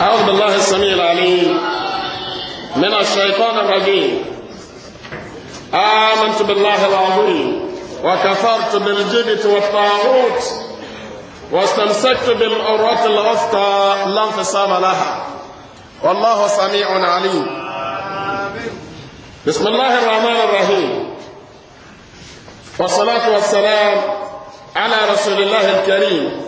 أعوذ بالله السميع العليم من الشيطان الرجيم آمنت بالله العظيم وكفرت بالجبت والطاغوت واستمسكت بالعروة الوثقى لا انفصام لها والله سميع عليم بسم الله الرحمن الرحيم والصلاة والسلام على رسول الله الكريم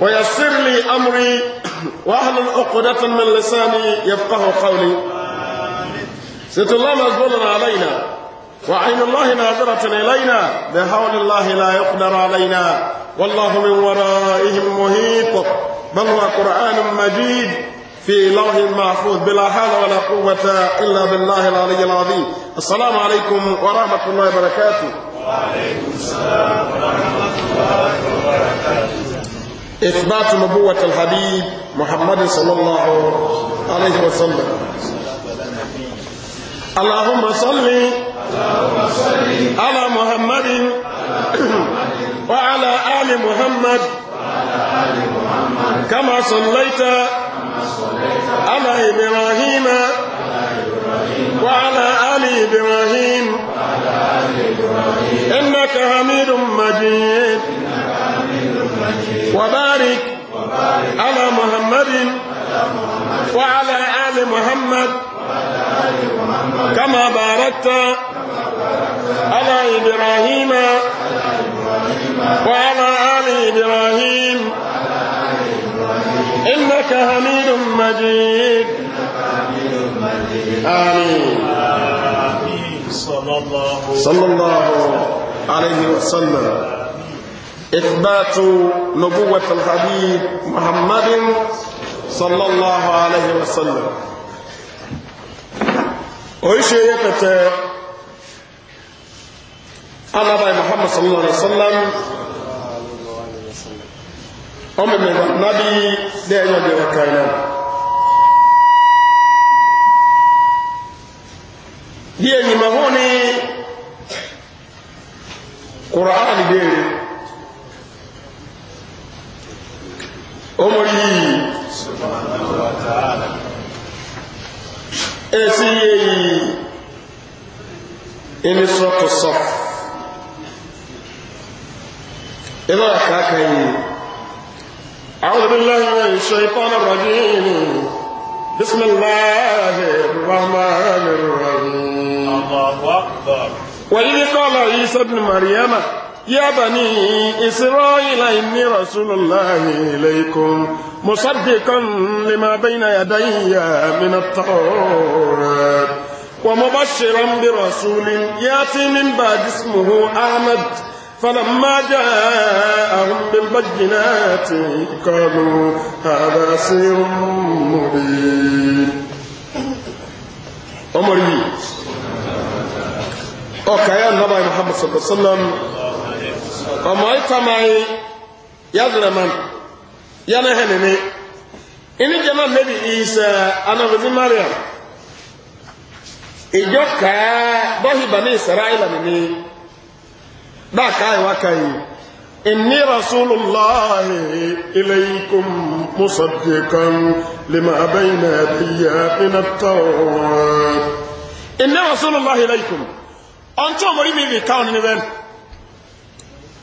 ويسر لي أمري وأهل عقدة من لساني يفقه قولي ست الله مزبول علينا وعين الله ناظرة إلينا بحول الله لا يقدر علينا والله من ورائهم مهيط بل هو قرآن مجيد في لوح محفوظ بلا حول ولا قوة إلا بالله العلي العظيم السلام عليكم ورحمة الله وبركاته وعليكم السلام ورحمة الله وبركاته إثبات نبوة الحبيب محمد صلى الله عليه وسلم اللهم صل على محمد وعلى آل محمد كما صليت على إبراهيم وعلى آل إبراهيم إنك حميد مجيد وبارك على محمد وعلى آل محمد كما باركت على إبراهيم وعلى آل إبراهيم إنك حميد مجيد آمين صلى الله عليه وسلم إثبات نبوة الحبيب محمد صلى الله عليه وسلم ويشي يكتا أنا باي محمد صلى الله عليه وسلم أم من النبي دائما بوكاينا دي أني مهوني قرآن ديري omori yìí esi yìí enisirọtu sọf ibara kaaka yìí أعوذ بالله من الشيطان الرجيم بسم الله الرحمن الرحيم الله أكبر وإذ قال عيسى ابن مريم يا بني إسرائيل إني رسول الله إليكم مصدقا لما بين يدي من التوراة ومبشرا برسول ياتي من بعد اسمه أحمد فلما جاءهم بالبينات قالوا هذا سير مبين أمري أوكي يا نبي محمد صلى الله عليه وسلم ọmọ ìtàmáyé yàtọ̀lẹ̀mọ́n yánà hẹ́nìní inú jẹ́ náà lẹ́bi ìsẹ̀ anabidi mariam ìjọ kàá bọ́hìbà ní ìsẹ̀ráìlà nìní dáa káà ìwá kàyí إني رسول الله إليكم مصدقا لما بين يدي من التوراة إني رسول الله إليكم أنتم مريمي بكون نبين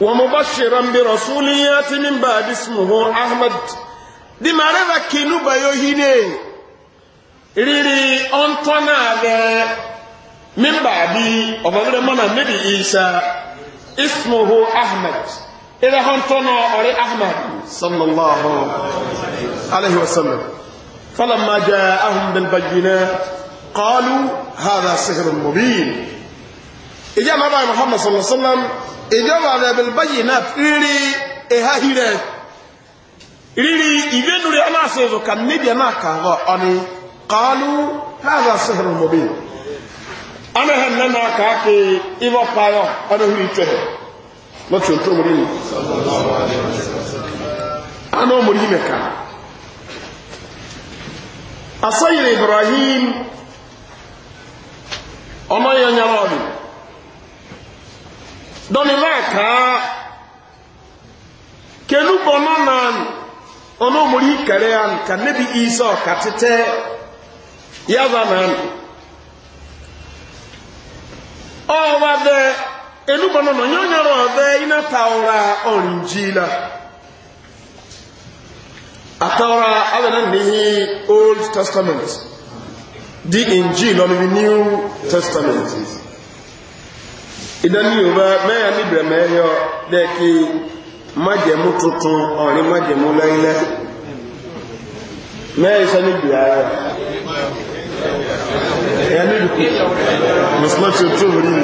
ومبشرا برسول ياتي من بعد اسمه احمد دي مرضى كينو بيوهيني ريري انتنا من بعد ومبرا من النبي عيسى اسمه أحمد إذا هنتنا أري أحمد صلى الله عليه وسلم فلما جاءهم بالبينات قالوا هذا سحر مبين إجاء نبي محمد صلى الله عليه وسلم ìjọba rẹ̀ bẹ̀lbáyì náà rírí ẹ̀há hírẹ̀ rírí ìbẹ́nu rẹ̀ náà ṣe ìzọ̀kà níbi náà kàwọ́ ọ̀nì kọlu A sẹ́hìrì mọ̀bí ọmọhẹ̀ nẹ́nà kàákì ìwọ̀ payọ̀ ọdún hìrì tẹ̀ lọ́tí ò tó mú nínú ana mú yí mẹ́ka asayiri ibrahim ọmọ yẹn nyara dɔnni naa kaa kenu bɔnɔ nan ɔno mori kɛrɛ yan ka nlebi bi isa ɔka tetɛ yaba nan ɔba dɛ enu bɔnɔ nɔ nyɔnyɔrɔ ɔbɛ ina tawura ɔrinji la atawura ala na nihi old testament di injil ɔno bi new testament. ìdánilò bá mẹ́yà níbẹ̀ mẹ́yọ lẹ́kí májẹ̀mú tuntun ọ̀rin májẹ̀mú lẹ́ilẹ́ mẹ́yà iṣẹ́ níbi ààrẹ ẹ̀yà níbi mùsùlùmí tí ó tó rí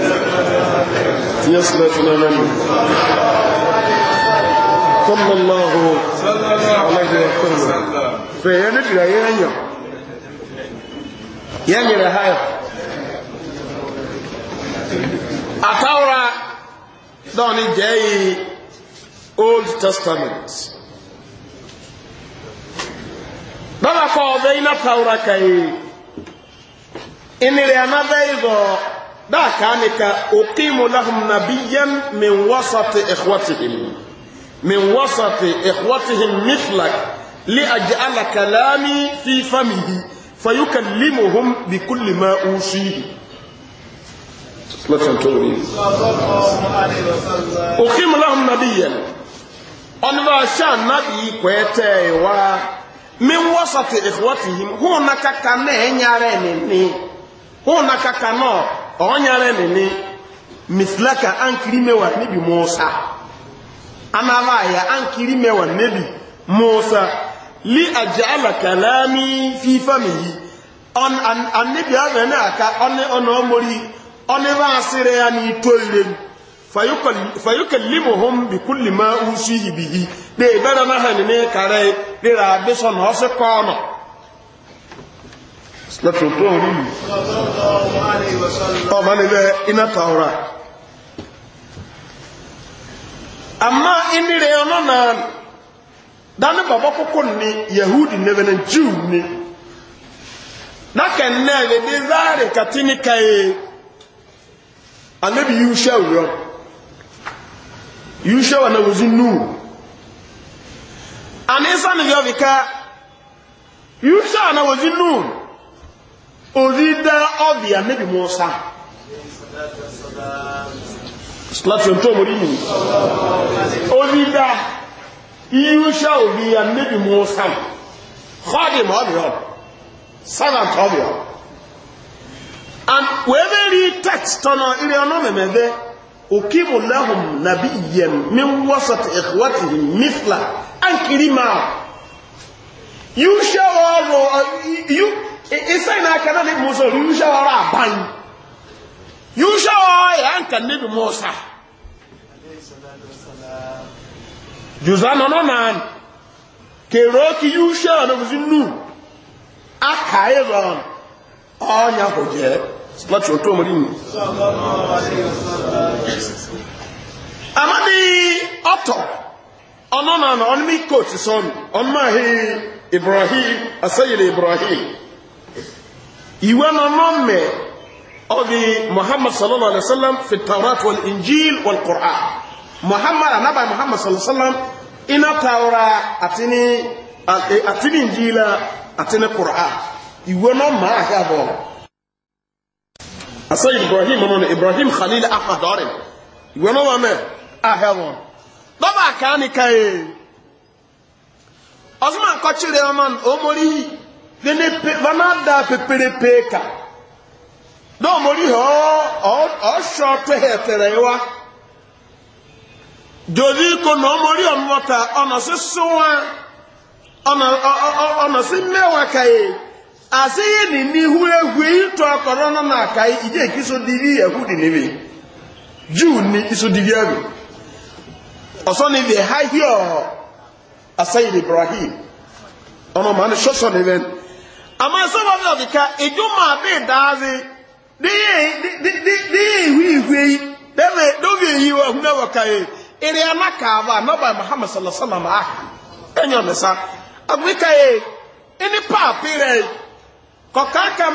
tí yẹ́ sílẹ̀ tí lọ́nà mi sallallahu alaihi wa sallam fẹ̀yà níbi ààrẹ yẹ́yàn yẹ́yàn rẹ̀ háyà àtàwòrán náà ni jẹ́ yìí old testament bàbá kọ́ ọ̀bẹ iná tàwòrán kàyé ìnìrẹ̀ anábẹ́ ìbọ̀ dáa kàá nìkan òkè mọ̀láhùn nàbíyẹn mi wọ́n sàtì ẹ̀kọ́ tìhìmù. من وسط إخوتهم مثلك لأجعل كلامي في فمه فيكلمهم بكل ما أوصيه lọ́tún tó rí òkìm láhùn mi na kàkà nakaka ẹ̀ nyàrá ẹ̀ nìní hùn na kàkà náà ọ̀ ankiri mẹ́wàá níbi mọ́ọ́sá anáwá ankiri mewa níbi mọ́ọ́sá lí àjẹ́ àlàkàlámi fífàmì yìí ọnịba asịrị ya n'ito ire fayukallimuhum bikulli ma usihi bihi de na hani ne kare de ra na ose kono amma inire ono na dani baba koko ni yahudi ne be na jew ni na kan na katini kai e. And maybe you you anabi yusha wuyɔ yusha wa na wozu nuu ani sani yɔ bi ka yusha na wozu nuu ozi da ɔbi maybe more silatiyon tó mo di yi ozi da yusha obi anabi musa kɔdi ma ɔbi yɔ sanan tɔbi yɔ. and wherever text tọnà ilé ọ̀nà mẹ̀mẹ̀dẹ́ òkìbò lẹ́hùn nàbí yẹn mi wọ́sọ̀tì ìhùwàtì mìfla ankiri máa yíu ṣe ọrọ̀ yíu ìsẹ́ ṣe ọrọ̀ àbáyé ọrụ ya ọrọ̀ yà ń kà níbi mọ́sà jùzọ́ ṣe ọ̀nà fífi nù láti ọ̀tọ́ ọmọdé nù. àmọ́dé ọ̀tọ̀ ọ̀nọ́nà ọ̀nà mi kò ti sọnù ọ̀nà ibrahim asẹ́yẹ̀lẹ̀ ibrahim ìwé ọ̀nà mẹ́ ọ̀dì muhammad sallallahu alayhi wa sallam fi taurat wal injil wal qur'an muhammad anabai muhammad sallallahu alayhi wa sallam ina taura àti ní àti ní qur'an ìwé ọ̀nà mẹ́ asa ibrahim no ibrahim khalil ahmad ọrẹ ìwé náà wà mẹ ahẹ wọn lọba àkàánì káyé ọsùnmọ akọchiri ọmọ ọmọrí yìí lẹni vanada pẹpẹrẹpẹ ká náà ọmọrí yìí ọ ọsọ tó hẹ tẹrẹ yìí wá jòdì kò nà ọmọrí ọmọ ta ọ̀nà sí súnwá ọ̀nà sí mẹ́wàá káyé. asịghị na n'ihu egwu ịtụ akọrọ nọ na aka ije ka iso dịrị ekwu dị n'ime juu na iso dịrị egwu ọsọ na ibe ha hie ọhọ asịghị ibrahim ọnụ ma ndị shọsọ na ibe ama sọba ndị ọdịka ịjụ ma dị daazi dịghị ihu igwe debe dobe eyi wa hụ e, na wakaghị ịrị anaka aba nọba muhammad sallallahu na wasallam aha enyo mesa agwịkaghị e, ịnị paapị rẹ kọ̀káàkà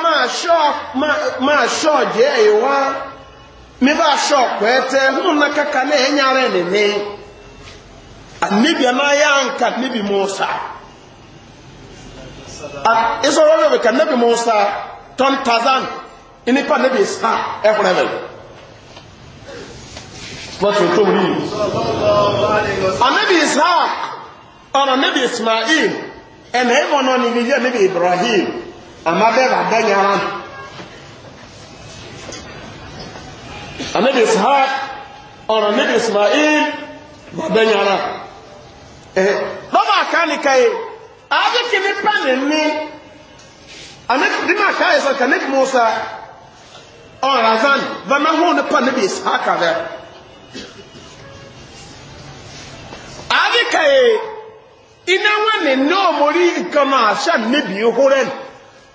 máa ṣọ́ jẹ́ ìwá míbá ṣọ́ pẹ́ẹ́tẹ́ hún na kàkà náà ẹ̀yà rẹ̀ nìní níbi anáyà nkà níbi mọ́sá ìṣòro rẹ̀ kà níbi mọ́sá tọ́n tazan nípa níbi sá rẹ̀ tó rí níbi ẹ̀nà níbi ibrahim amma bɛ ba da yaran annabi ishaq ọ̀rọ̀ annabi ismail ba da yaran eh baba kani kai abi kini panin ni annabi dima kai sa kanik musa ọ̀rọ̀ azan vana hu ni panin bi ishaq ave abi kai ina wani no mori nkan na ahyɛ nnebi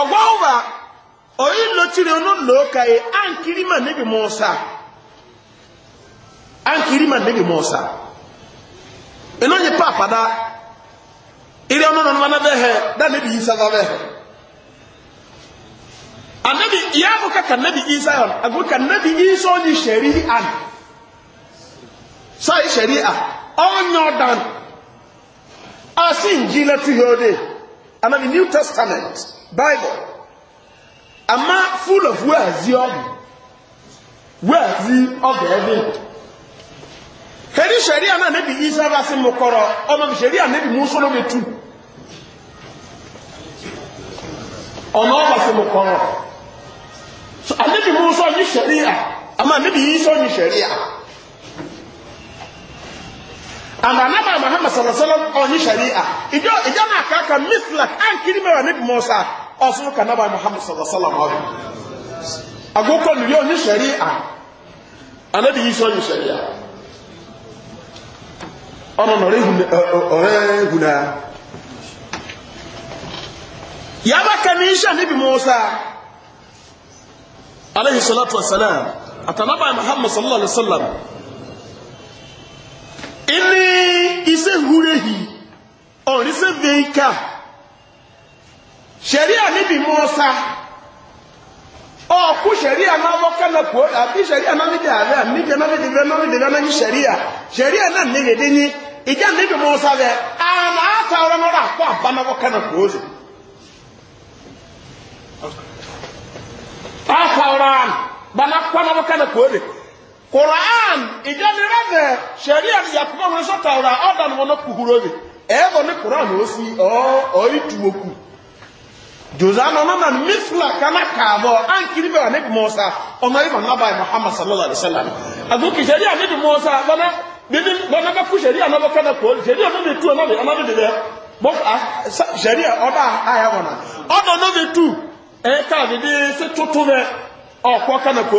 ọgwọwa onye nlochiri onụlọ ụka ya e, ankiri ma nebi musa ankiri ma nebi musa ịnọnye papada iri ọnụnọ nwana behe da nebi isa za behe anabi ya bụ ka ka nebi isa yon agụ ka nebi isa onye sheri an sa sheri a onye ọdan a si njile tụghị ode anabi new testament bible a ama full of words ọmọ words ọgọ ẹbí kẹ́rí sẹ̀ríà náà níbi isa bá sí mo kọ̀rọ̀ ọmọ mi sẹ̀ríà níbi mú sọ́lọ́ mi tú ọ̀nà ọba sí mo kọ̀rọ̀ so àníbi mú sọ́ ní sẹ̀ríà àmà níbi isa ní sẹ̀ríà and anama muhammad sallallahu alaihi wasallam ọ̀hìn sharia ìjọ ìjọ náà kàkà mislak ankiri mẹ́wàá níbi mọ́sá ọ̀sùn kanaba muhammad sallallahu alaihi wasallam ọ̀hìn agókò nìyí ọ̀hìn sharia anabi yìí sọ̀hìn sharia ọ̀nà ọ̀rẹ́ hùnà yàrá kàní iṣẹ́ níbi mọ́sá Alayhi salatu wasalam àtànàbà muhammad sallallahu alaihi wasallam ini ise hurehi on ise veika sheria ni bi ọkụ shari'a na abi na ndị ala a ndị na ndị na ndị na ndị shari'a shari'a na dị ni ija ndị bi bụ a na ata ọrụ n'ọrụ aba Quran ìjẹ́nirẹ́dẹ̀ ṣẹ̀rí àti yàtúmọ̀ wọn sọ́tà ọ̀rà ọ̀dàn wọn kúkúrò rẹ̀ ẹ̀ẹ́bọ̀ ní Quran ó sì ọ̀ ìtùwòkù jòzánà ọ̀nà náà mísìlá kaná kààbọ̀ áńkiri bẹ̀rẹ̀ níbi mọ́sá ọmọ ìmọ̀ náà báyìí muhammad sallallahu alayhi wa sallam ṣẹ̀rí mọ́sá bíbí ṣẹ̀rí ọ̀nà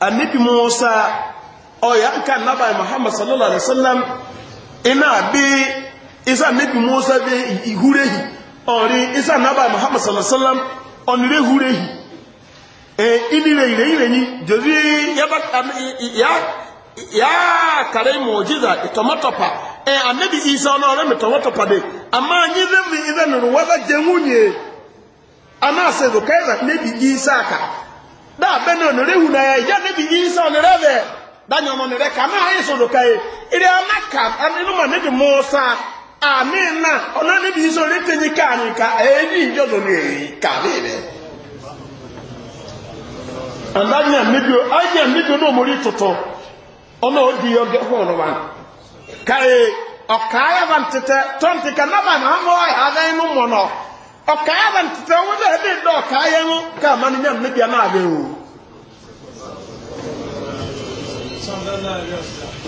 annabi musa ọ̀yànká nàbà muhammad sallallahu alaihi wasallam iná bí isa annabi musa bí ihurehi ọ̀rí isa nàbà muhammad sallallahu alaihi wasallam ọ̀nìrẹ́ hurehi inire ire ire yìí jòrí um, yá kàrẹ́ mọ̀jíza ìtọ̀mọ́tọ̀pà annabi isa ọ̀nà ọ̀rẹ́ mìtọ̀mọ́tọ̀pà dé àmà anyi zẹ́mi ìzẹ́nìrù wọ́n bá jẹ́ nwunye aná àṣẹ ìzùkẹ́ ìzà annabi isa aka. da bɛ na onore hu na ya ya ne bi yi sa onore bɛ da nyɔ n'onore e, ka na ayi ka ye ka anu ma ne bi mu ndị na ɔna ne onore ka anyi ka eyi yi yɔ do ne ka anya na toto ka ntete naba na ọ̀kàá bá ń tètè wọn bẹ́ẹ̀ bí ìdá ọ̀kàá yẹn ń ká yẹn níbi àná àbẹ̀ o.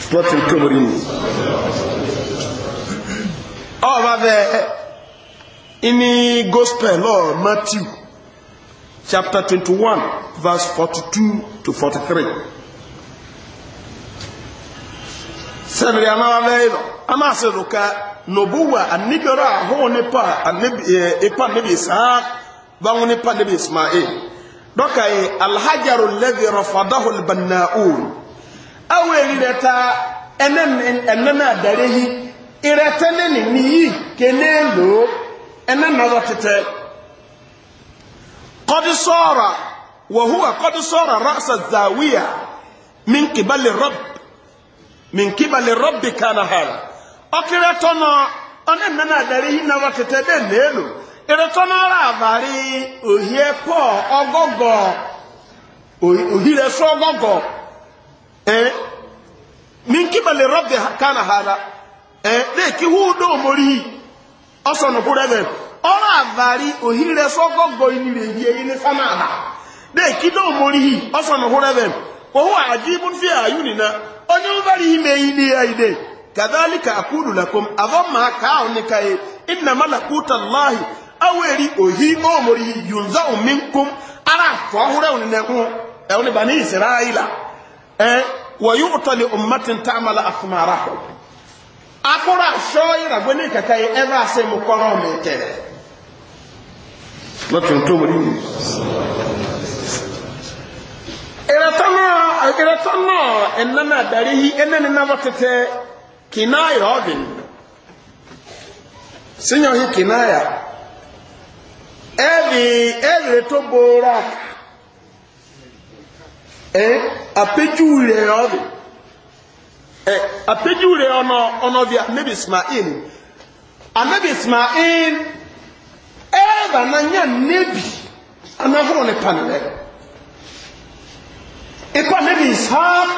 Spọ́tì ntòmórì ni. Ọba bẹ́ẹ̀ ìní gospel Lord Matthew chapter twenty one verse forty two to forty three. Sẹ́mi àná wa bẹ́ẹ̀ yìí lọ, a máa ká nobuwa annabi ra ho ne pa annabi e eh, pa annabi isaac ba ho ne pa annabi ismail doka e alhajaru alladhi rafadahu albannaun aweli deta enen enen adarehi iretene ni ni kenelo enen no tete qad sara wa huwa zawiya min qibali rabb min qibali rabb ọkịrị tọnọ ọnụ mmemme adara ihe na wakete dị n'elu ịrịtọ n'ọrụ abalị ohie pọl ọgọgọ ohire sọ ọgọgọ ee eh? minkibali rọbi ka na ha ee eh? na-eki hudo omori ọsọ n'okpuru ebe ọrụ abalị ohire sọ ọgọgọ inire hie ihe sama ha na ekido do omori ọsọ n'okpuru ebe ohụ ajibun fi nina onye ụbara ime ihe ya ide kadhalika aqulu lakum adhamma ka'un kai inna malakuta allah aweri ohi omori yunza minkum ara fohure on neku e on bani israila eh wa yu'ta li ummatin ta'mal athmarahu akora shoira gwene kakai ever say mu koro metere lotun to era tana era tana enna na darihi enna na vatete kinaya ọdịn sinyohi kinaya ebi ebi to bora e eh, apejuure ọdịn e eh, apejuure ọnọ ọnọdị anabi ismail anabi in, eba na nya nebi anahụrụ ne panere ịkọ anabi ishaq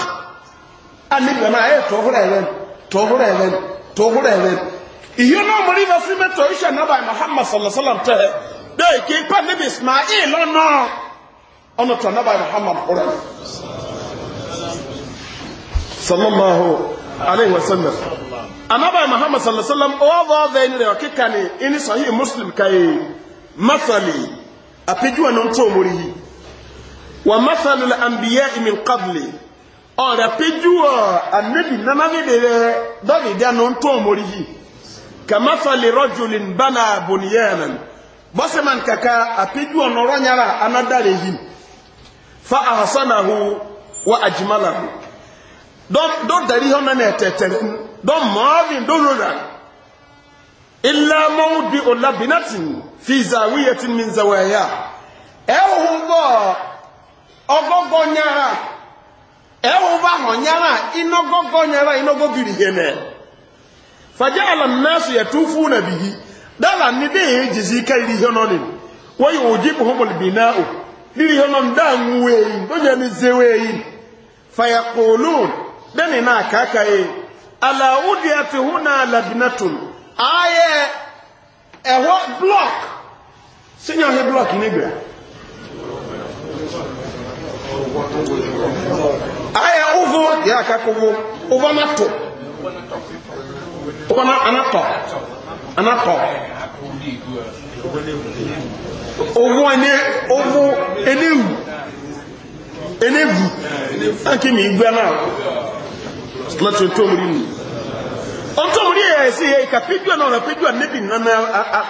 anabi ọna ayetọ ọhụrụ ere tɔhura yɛ bɛn tɔhura yɛ bɛn iyo na ɔmɔri ba fi mɛtɔ ihyɛ naba muhammad sallallahu tɛ bɛɛ kii pa ne bi ismail ɔnɔ ɔnɔ tɔ naba muhammad kura sallallahu alayhi wa sallam anaba muhammad sallallahu ɔwɔ ɔvɛ ni rɛ ɔkeka ni ɛni sahih muslim kaye masali apɛjuwa na ntɔ ɔmɔri yi wa masali la anbiya min qabli ọ̀rẹ́ péjúwọ̀ ànẹ́bì nánánídèrè dọ́gìdí àná tó mórí yìí kàmáfàlì rọ́jùlì bánà bòníyànà bọ́sẹ̀mán kàkà àpéjúwọ̀ nọ̀rọ̀ nyàrá anádàrẹ̀ yìí fa àhásánàhù wà àjùmálàhù dọ́dàrí hàn náà ẹ̀tẹ̀tẹ̀rẹ̀ dọ́mọ́ọ́lì dọ́rọ̀rà ilá mọ́wúdi ọ̀làbínátì fi zàwíyẹ̀tì mi zàwẹ̀yà ẹ̀ ẹwọ bá hàn yára iná gọ́gọ́ yára iná gógìrì hẹnẹ̀ fàjẹ́ alàmẹ́sù yẹ tún fún nàbì yìí dára ní dé èyí jìsí kẹrì ihe nọ nìí wọ́n yìí òjì bù hùmù bì náà ò lírí ihe nọ dá ń wú èyí tó yẹ ní zewé èyí fàyà kòlù dẹ́ni náà kàkà èyí aláwùdí àti hù náà làbínàtùn ayẹ ẹ̀họ́ blọk sínú ọ̀hẹ́ blọk nígbà. aya uvu ya kakuvu uvu anato uvu anatọ anatọ uvu ene uvu enewu enewu anke mi igwe na lati nto muri ni ya esi ya pejua na unapigwa nebi na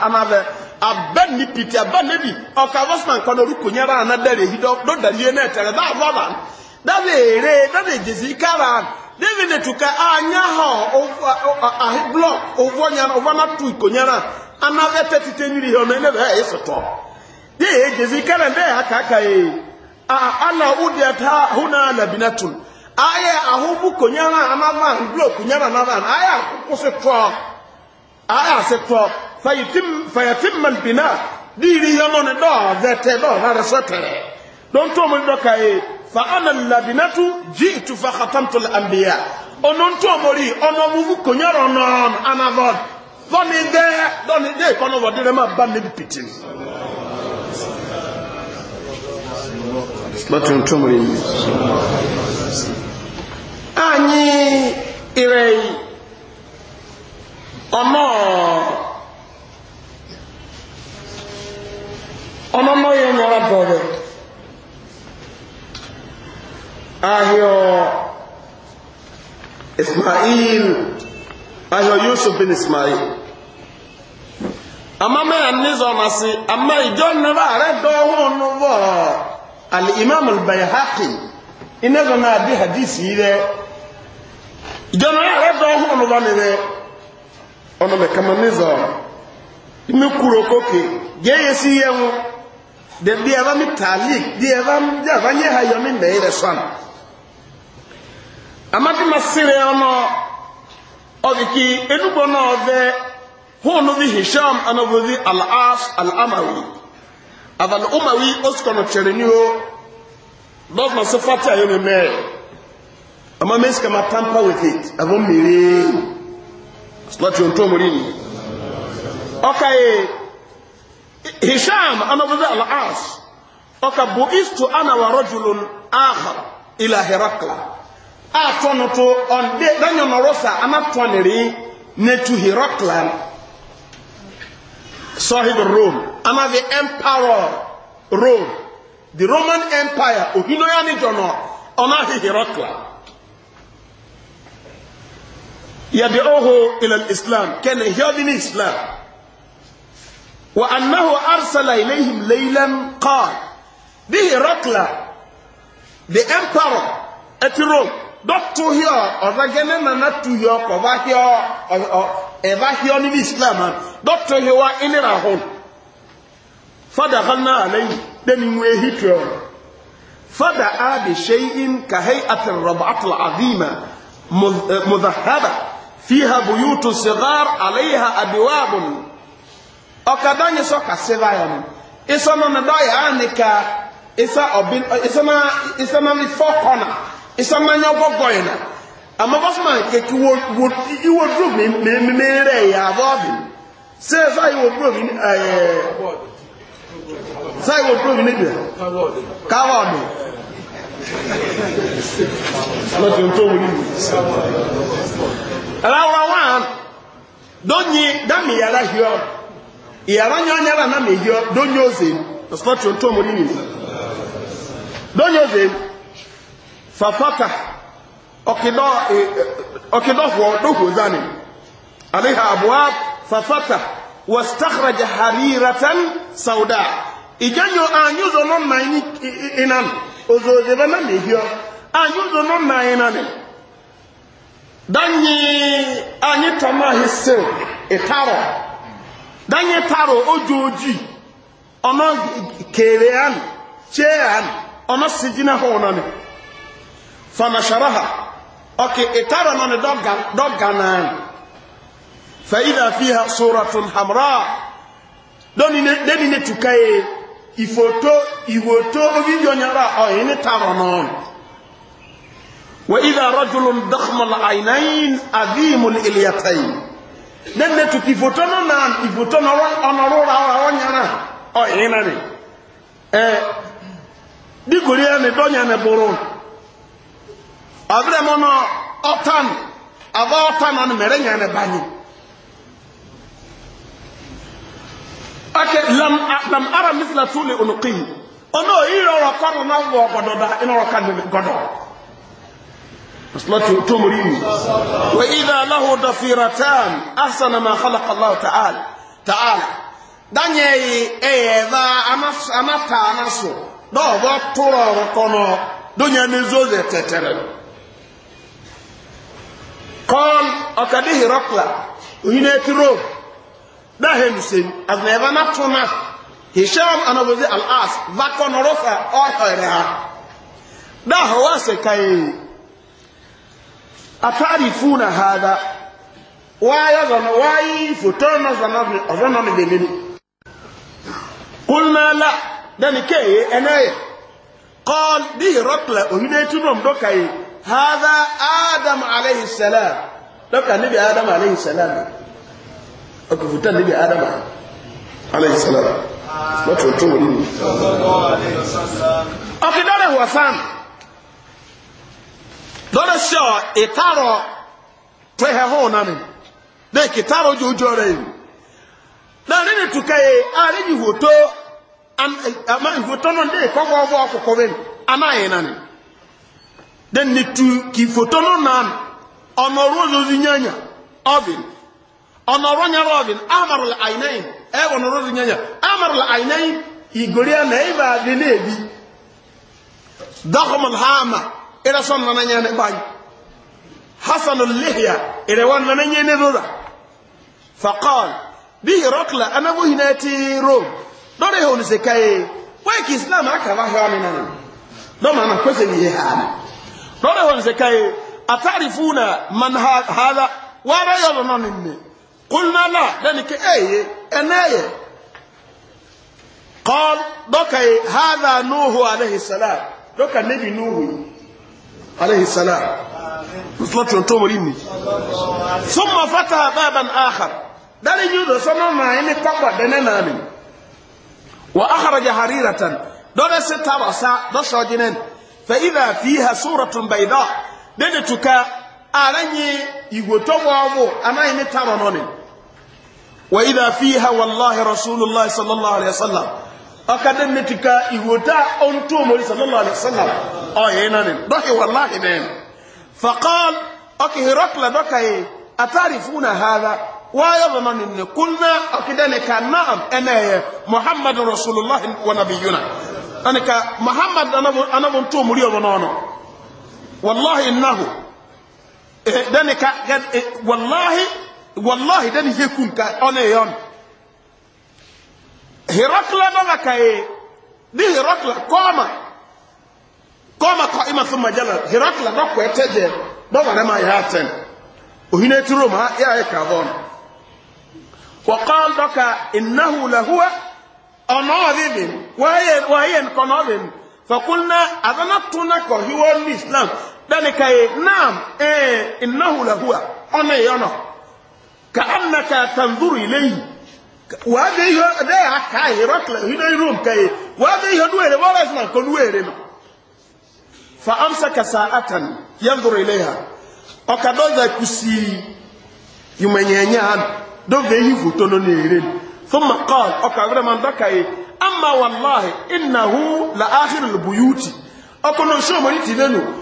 anave abẹ ni abẹ nebi ọkà vọsman na orúkọ nyẹra anadẹrẹ yìí dọ dọ dàrí yẹn náà tẹrẹ dabere dabejezi kara ara david tuka anya ha ahiblok ụvọnyara ụvọnatu ikonyara anavete tite mmiri ha ọmene bụ ya ịsụtọ ya ejezi ike ara ndị aka ka aka ya ala ụdị ta hụ na ala binatun aya ahụmụ konyara anava ahiblok konyara anava aya akwụkwụ sịtọ aya sịtọ fayatim malbina dịịrị ihe ọnụ na dọọ vete dọọ ha resọtere dọntụ ọmụ dọka fa'ana labinatu jiitu fa khatamtu al-anbiya onon to mori ono mu ko nyoro non anavon doni de doni de kono wo dire ma ban ne bipitin matun to mori anyi irei ono ono no ye nyara bore ahịọ ismail ahịọ yusuf bin ismail amama ya nizọ masị ama ijo nnara are dohu nubo al-imam al-bayhaqi inezo na adi hadisi ire ijo nnara are dohu nubo nire ọnụ mekama nizọ ime kwuru okoke ga-eyesi ihe nwụ de bi ebe mi talik bi ebe mi java nye ha yomi mbe ire swana amadi ma sere ɔnɔ ɔdiki enugbɔ na ɔvɛ hɔn bi hisham anabodi al'as al'amawi avali umawi osikɔnɔ kyerɛ ni o dɔkuna so fati ayɛ ne mɛ ama mɛ sika ma tampa with it abo mmiri sɔlɔti ontɔn mo rini ɔkaye hisham anabodi al'as ɔka bo istu ana wa rɔjulun aha ila herakla atɔno to ɔnde nanyɔnɔrɔsa ama tɔnere netu heroclan sahib rome the roman empire ohinoya ne dɔnɔ ɔna he heroclan yɛde islam kɛne hiɔde ne islam wa annahu arsala ilayhim laylan qal the heroclan the emperor at rome dɔtɔ hiɔ ɔzagɛnɛ nana tu hiɔ kɔba hiɔ ɔ ɛva hiɔ ni bi islam a dɔtɔ hiɔ wa inira hɔn fada hana alayi deni ŋu ehi tuyɔ fada a de seyin kahei ati rɔba ati azima muzahaba eh, fiha buyutu sigar alayha abiwabun ɔkada nye sɔ ka seba yɛn isɔnɔ na dɔ yɛ anika isa ɔbin isɔnɔ isɔnɔ ni fɔ kɔna isamanya ɔbɔbɔyɛ na ama bɔsoma keke wo wo iwo duro mi mi mi mi rɛ yɛ abɔbi sɛ sa iwo duro mi ɛɛ eh, sa iwo duro mi ne bi kawɔdi lọtí ntọ́ wuli mi. Ẹ̀rọ wọn dọ́nyì dami yàrá hiọ́ yàrá nyọ́nyàrá nàmi hiọ́ dọ́nyì ọ̀zẹ̀ lọtí ntọ́ wuli mi. Dọ́nyì ọ̀zẹ̀. fafata ọkidọhụọ e, dohozani alaiha abụọ fafata wastakhraja hariratan sauda ijanyo anyuzo no na inan ozoze bana mehio anyuzo no na inan danyi anyi tama hisse itaro e danyi taro ojo oji ono kere an che si ono sijina ho onani فنشرها اوكي اترى من دوغا دوغا فاذا فيها صوره حمراء دوني دني نتوكاي ifoto iwoto video nyara oyini taronon واذا رجل ضخم العينين عظيم الاليتين نن تكيفوتو نان ifoto noro onoro ra onyara oyini ni eh digori ene donya ne burun abirɛ mu no ɔtan ava ɔtan ɔno mɛrɛ nyɛ ne ba nyi ake lam lam ara misla tuli onukihi ɔno oyi rɛ ɔrɔ kɔrɔ na wɔ gɔdɔ da ɛna ɔrɔ ka ne gɔdɔ masalatu tomori wa idha lahu dafiratan ahsana ma khalaqa allah ta'ala ta'ala danye eye va amata anaso dɔwɔ toro ɔrɔ kɔnɔ donya ne zo tɛtɛrɛ. ọkàdé hìrọ́kùlà òyìn ẹ̀tí rome dáhẹ̀ mùsùlùmí àgbẹ̀yẹ̀bá má tún náà hisham anabozi al'as vakọ nọrọfà ọ̀họ̀ ẹ̀rẹ̀ ha dáhọ̀ wá sí káyé àtàrí fún na ha dá wáyé zọ̀nà wáyé fòtọ́ náà zọ̀nà ọ̀zọ́ náà mi dèmí kúlmẹ́lá dẹ́ni kéye ẹnẹ́yẹ kọ́ bí hìrọ́kùlà òyìn ẹ̀tí rome dọ́kàyé هذا آدم عليه السلام lọ́kà níbi adam alayhi salam ọkùnfùtà níbi adam alayhi salam lọ́tọ̀ tó wọ́n nínú ọkìdọ́rẹ̀ wọ̀ sam lọ́rẹ̀ sọ ìtàrọ̀ pẹ̀hẹ̀ hàn náà ní kìtàrọ̀ ojú ojú ọ̀rẹ́ yìí lọ́rẹ̀ ní tùkẹ́ yìí àárín ìhòtó ama ìhòtó náà ní ìkọ́kọ́ ọkọ̀ kọ̀kọ́ bẹ́ẹ̀ anáyẹ̀ náà ní dẹ́ni tu kìfòtó náà náà ọ̀nọ̀rọ̀ òzòzì nyanya ọ̀bìn ọ̀nọ̀rọ̀ nyara ọ̀bìn amarala àìnáyìn ẹwọ e ọ̀nọ̀rọ̀ òzòzì nyanya amarala àìnáyìn ìgòrí ẹ̀nà ìbà e àdìlé èbi dọ́kọ̀mọ̀n hàmà ìrẹsọ̀ nana nyẹ níbàyí hasan olihya ìrẹwà nana nyẹ ní rora fakọ́l bí rọ́kìlà anáwó yìí náà ti rome lọ́rọ̀ ìhò ní sèkáyé wáìkì islam akàwá hẹ́ ọ́nìyàn lọ́mọ àná kwẹ́sẹ̀ yìí hàn lọ́rọ̀ ìhò ní sèkáyé أتعرفون من هذا وما ولا مني قلنا لا لأنك أي أناي إيه؟ قال دوك هذا نوح عليه السلام دوك النبي نوح عليه السلام صلاة ينتوم ريني ثم فتح بابا آخر دالي يودو ما إني تقوى بننامي وأخرج حريرة دولة ستة وسا دوشة جنين فإذا فيها سورة بيضاء dede tuka aranyi igotomo omo anayi ni tano noni wa idha fiha wallahi rasulullah sallallahu alaihi wasallam akade ni tuka igota onto mo sallallahu alaihi wasallam o yena ni doki wallahi ben faqal aki hirakla dokai atarifuna hadha wa yadhman in qulna akidani kanam anaye muhammad rasulullah wa nabiyuna anaka muhammad anabuntu muri omo nono والله إنه إيه، دني إيه، والله والله دني يكون كا اون يوم هرقل بنا كاي إيه، دي هرقل قام قام قائما ثم جلد هرقل نقو يتجه دوما ما يهاتن وهنا تروم ها يا يكافون وقال لك إنه لهو أناظم وهي وهي قناظم فقلنا أذنبتنك هو الإسلام dani kaye naam ee eh, innahu lahuwa ona yono ka annaka tanzuru ilayhi waade yo de aka hirakla hina rum kaye waade yo duwere wala sna kon were no fa amsaka sa'atan yanzuru ilayha okadoza kusi yumenyenya han dove hivu tono nere thumma qala okawre man dakaye amma wallahi innahu la akhirul buyuti okono shomo ni tinenu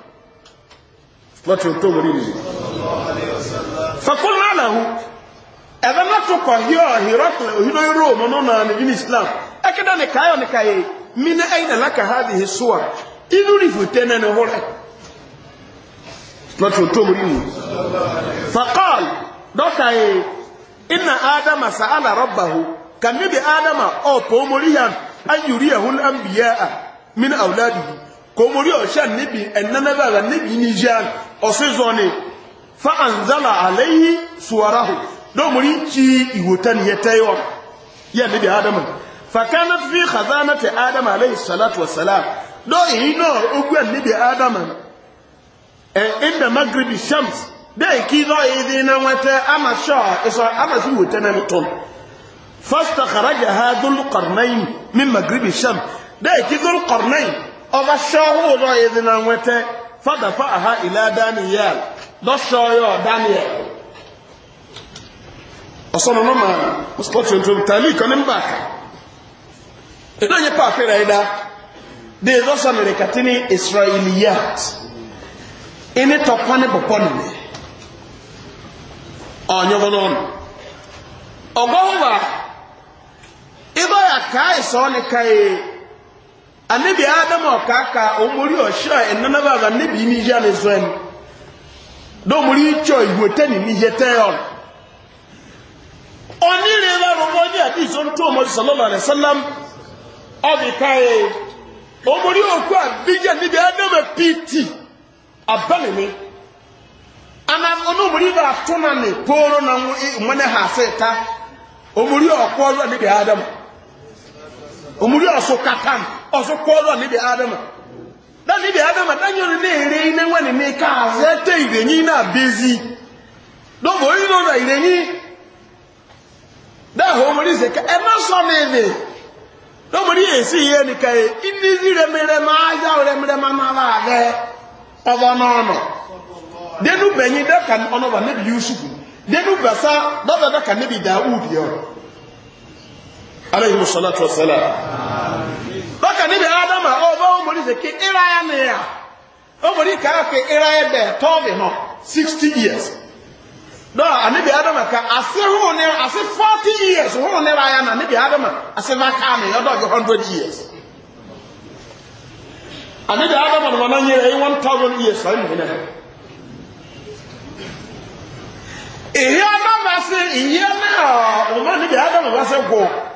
lọ́tí o tó wọlé nìyí. fàkúnlá làwọn ẹ̀fẹ́ mẹ́tò kọ̀ híọ̀ hìrọ́tò òhìrò irú òmùnú náà ní ní islam ẹ̀kẹ́dá ní káyọ̀ ní káyé mí ní ẹ̀yìn aláka ha dì í sùwà inú rí fòtẹ́ náà ní húrẹ́ lọ́tí o tó wọlé nìyí. fàkọ́l dọ́kà yìí iná ọ̀sízọ́ ni fa'anzala alayhi suwarahu domori ki iwotan ya taiwa ya nabi adamu fakana fi khazanati adam alayhi salatu wassalam do yi no ogwen nabi adam e inda magribi shams da ki do idi na wata ama sha isa ama si wotan ni ton fasta kharaja hadul qarnayn min magribi shams da ki dul qarnayn ova shahu wata fadafa aha ilá daniel lọ́ṣọ́yọ̀ daniel ọ̀sọ́nà náà máa mọ́sílọ́tì ọjọ́ tàbí ìkan ní mbàkà ìdá yẹ pàfẹ́ rẹ̀ dá dé lọ́ṣọ́ mẹ́rẹ̀kà tí ní israeliyat iní tọpa ní pọ̀pọ̀ nìyẹn ọ̀nyọ́gbọ́n náà ọgọ́wà ìbáyà káà ìsọ́ ní káyé anabi adam ọkaka omori ọṣọ ẹnana baba anabi ni ya ne zọm dọmori itsọ ìwòtẹ ni ni yẹtẹ ọn onírè bá rọgbọ ní àdìsọ ntọ ọmọdé sọlọlọ rẹ sọlọm ọbì káyé omori òkú àbíjà níbi adam pt ana onomori bá omori níbi adam omori kàtàmù. ọzọ kwọlọ níbi adama na níbi adama dányọrọ léèrè na-ere ni mẹka àzẹtẹ ìrẹyìn náà bẹzí lọbọ oyin lọrọ ìrẹyìn dáhùn ọmọdé sèké ẹ má sọ níbi lọmọdé èsì yẹ nìkan ihe ìnísí rẹmẹrẹmẹ ájá rẹmẹrẹmẹ amára rẹ denu yusufu alayhi musalatu bákan níbi ádámà ọba ọmọdé ṣe kí ìráyà ni yà ọmọdé kàá kí sixty years no anibi adama ka ase hɔn ase forty years hɔn ne ya na anibi adama ase hundred years anibi adama na eyi e, one thousand years ɔyɛ mu adama anibi adama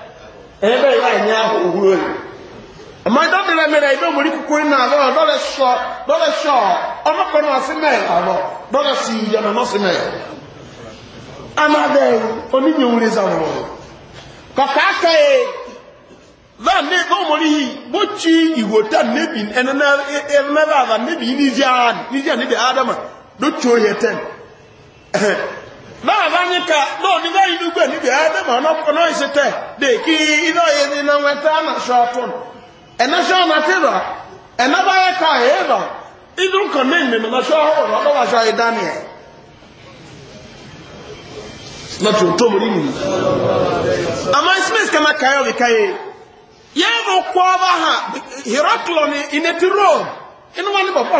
ebe ya enye ahụ ugwu oyi ma dọbịra mere ibe omori kuku ị na-alụ dọle shọ dọle shọ ọnụkọ na asị mee alụ dọle si ya na nọsị mee amadị onye nwere zawụrụ kọka aka e van ne ebe omori yi gbochi igwota nnebi enenere ala nnebi n'izi agha n'izi a nnebi adama dochuo ya ten náà bá ní ká náà ní bá inú gbẹ̀ níbi ẹ̀ẹ́dẹ́mọ̀ ọ̀nà ìṣẹ́tẹ̀ dè kí iná yẹn ní iná wọn tẹ́ àná ṣọ́ ọ̀tún ẹ̀ná ṣọ́ ọ̀nà tí rà ẹ̀ná bá yẹ ká èé rà inú kan ní ìmìmì náà ṣọ́ ọ̀rọ̀ ọ̀dọ́ wa ayé dání ẹ̀. lọ́tù tó mú àmọ́ smith kama kayọ̀ mi káyé yẹ́n mo kọ́ ọba ha hìrọ́kìlọ̀ ni ìnẹ́tì rome inú wọn ni bọ̀bọ̀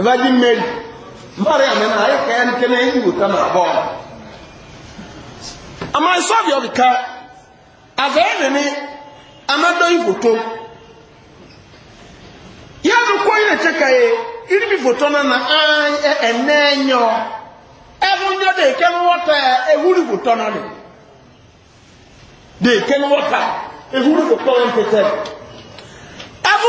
ebaji mmeri mariam na ya kɛyɛ no na yi wò na abɔ amansa na ɔkeka azɛɛ nene amadɔ yi foto yɛdo ya na kyɛ ka iri bi foto no na an ɛnɛ nyɔ ɛfo nyɔ de kɛm e, e ehuri foto no ne de kɛm wɔta ka foto no mpɛtɛ ɛfo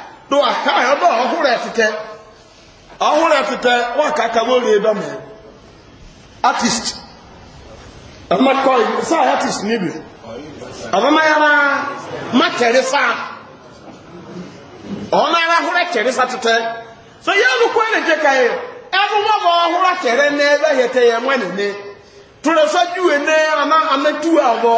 do akaya do ọhụrụ etete ọhụrụ ka waka akago rie dọmị artist amakọị saa artist n'ibi ọbụmayara na, saa ọnara ọhụrụ etere saa tete so ya lukwa na je ka ya ẹnumọ bọ ọhụrụ etere n'ebe hete ya nwa nene tụrụ efe juwe n'ana ametu abụọ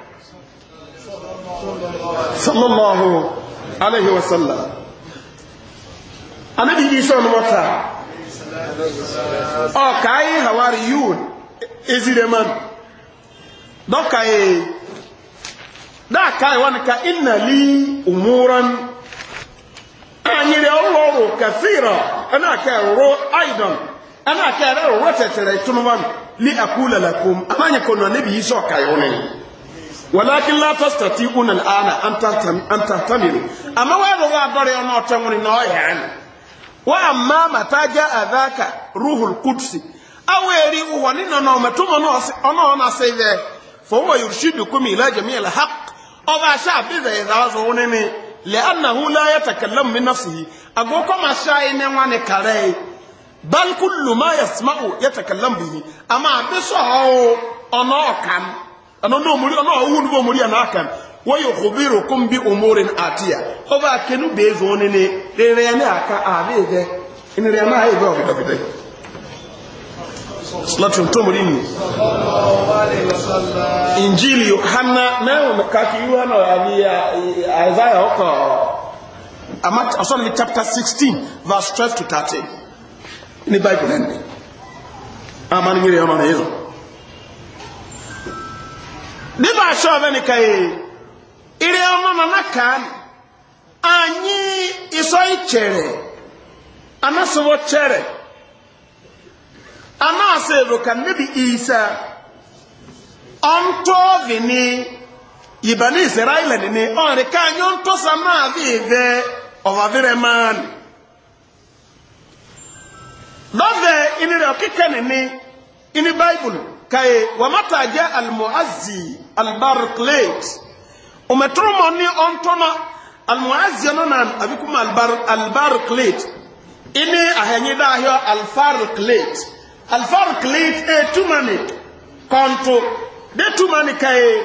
sallallahu alaihi wasallam anabi isa ọnụ wata ọ ka anyị hawari yiwu ezire man dọka e da ka anyị wani ka inna li umuran anyịrị ọrụ ọrụ kafira ana ka rụ aidan ana ka rụ tetere tụnụman li akula lakum amanya kono anabi isa ọka ya ọnụ walakin la tastati una al'ana an tahtamilu amma wa ba wa bare ona o tanwuni na o yan wa amma mata ja adaka ruhul qudsi aweri wa ni na no matuma no ona ona sai ve fa huwa yurshidukum ila jami' al haqq o ba sha bi da ya zo ne ne لأنه لا يتكلم من نفسه أقولكم أشياء نواني كاري بل كل ما يسمع يتكلم به أما بسهو أنوكم ano no muri ono awun bo muri anakan wayo khubiru kum bi umurin atiya oba kenu bezo ne ne rere ne aka abede ni re ma ebe o bido bido salatu to muri ni injili yohana na o ka ki yohana ya ni isaiah oko amat asoni chapter 16 verse 12 to 13 ni bible nende amani ngire ono na yezo nígbà aṣọ ọ̀fẹ́ nìkan yìí ìrẹ́ ọmọ màmá kan anyi ìsọ ìkyẹrẹ anasọwọ kyẹrẹ anasọ èròkà níbi ìsà ọ̀ntọ́ọ̀vì ni yìbani ìsirayilẹ nìní ọ̀rẹ́ ká anyi ọ̀ntọ́sà máa fi ìvẹ́ ọ̀fàfẹ́rẹ́ máa nì lọ́fẹ̀ ìnirẹ̀ ọ̀kíkẹ́ nìní ìní báyìbùlù kàyé wàmátàjẹ́ àlùmọ́ àzì albarclate umetumwa ni ontona almuaziyana na abikuma albarclate ini ahenyida ahyo alfarclate alfarclate e tumani konto de tumani kae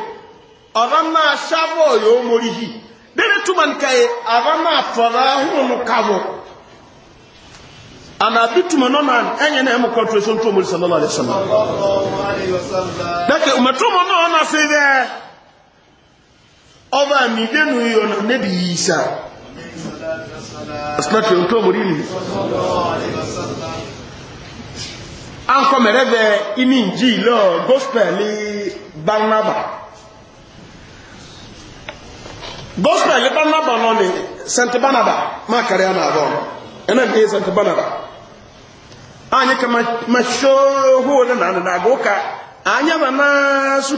ọ̀rọ̀mà shavo yóò mórí yìí dẹ́rẹ́ túmọ̀ nìkan yìí ọ̀rọ̀mà àtọ̀rọ̀ ana bituma no nan enye na emu kwatro so ntumo sallallahu alaihi wasallam dake umetumo no ana sebe oba mi denu yo na nabi isa asnatu ntumo rini an ko mereve imi nji lo gospel barnaba gospel barnaba no ni saint barnaba ma kare ana abon ɛna nde sɛ ntoba ka mahyɛhoɔ ne nane na agoo ka anyɛ ba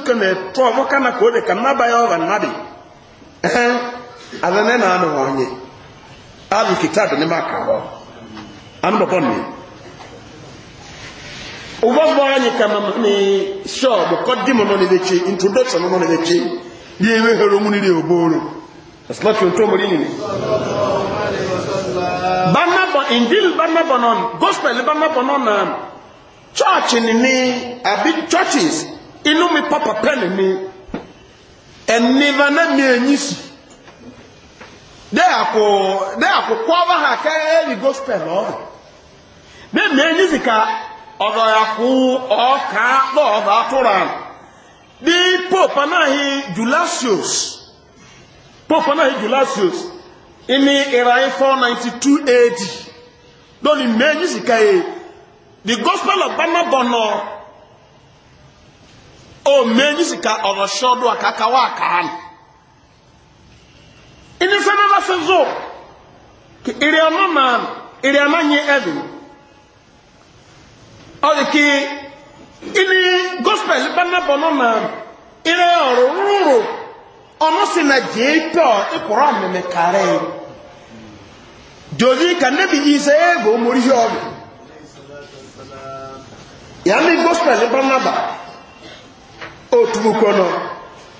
ka na ɛtɔ mo ka na ka bayɛ ɔba de ada ne wɔn nye kita de ne ma ka hɔ ano bɔbɔ ne ka ma ne hyɛ ɔbɔkɔ di mu no ne bɛkyi introduction no ne bɛkyi deɛ ewe hɛrɛ mu ne deɛ obooro asalafi ntomori ne ne. mabɔ injil ba mabɔ nɔn gospel ba mabɔ nɔn na um, church nini abi churches inu mi papa pɛ nini ɛniba na mi enyi si de ako de ako kɔba ha kɛ ɛyɛ e gospel ɔbɛ de mi enyi si ka ɔdɔ ya ko ɔka lɔ ɔba atura di pope anahi julasius pope anahi julasius ini irayi four ninety two eighty. lórí mẹ́yìn sìkà yìí the gospel of banabono ó mẹ́yìn sìkà ọ̀rọ̀ ṣọ́dọ̀ àkàkà wà kàn. ìní sẹ́ni lọ́sẹ̀ zó kì ìrìn ọmọ màá ìrìn ọmọ yẹn ẹ̀dùn ọ̀rẹ́ ìní gospel banabono màá ìrìn ọ̀rọ̀ rúrò jẹ́ ìkọ̀rọ̀ yìí. jozi ka nabi isa ego mori yobe yami gospel barnaba otubukono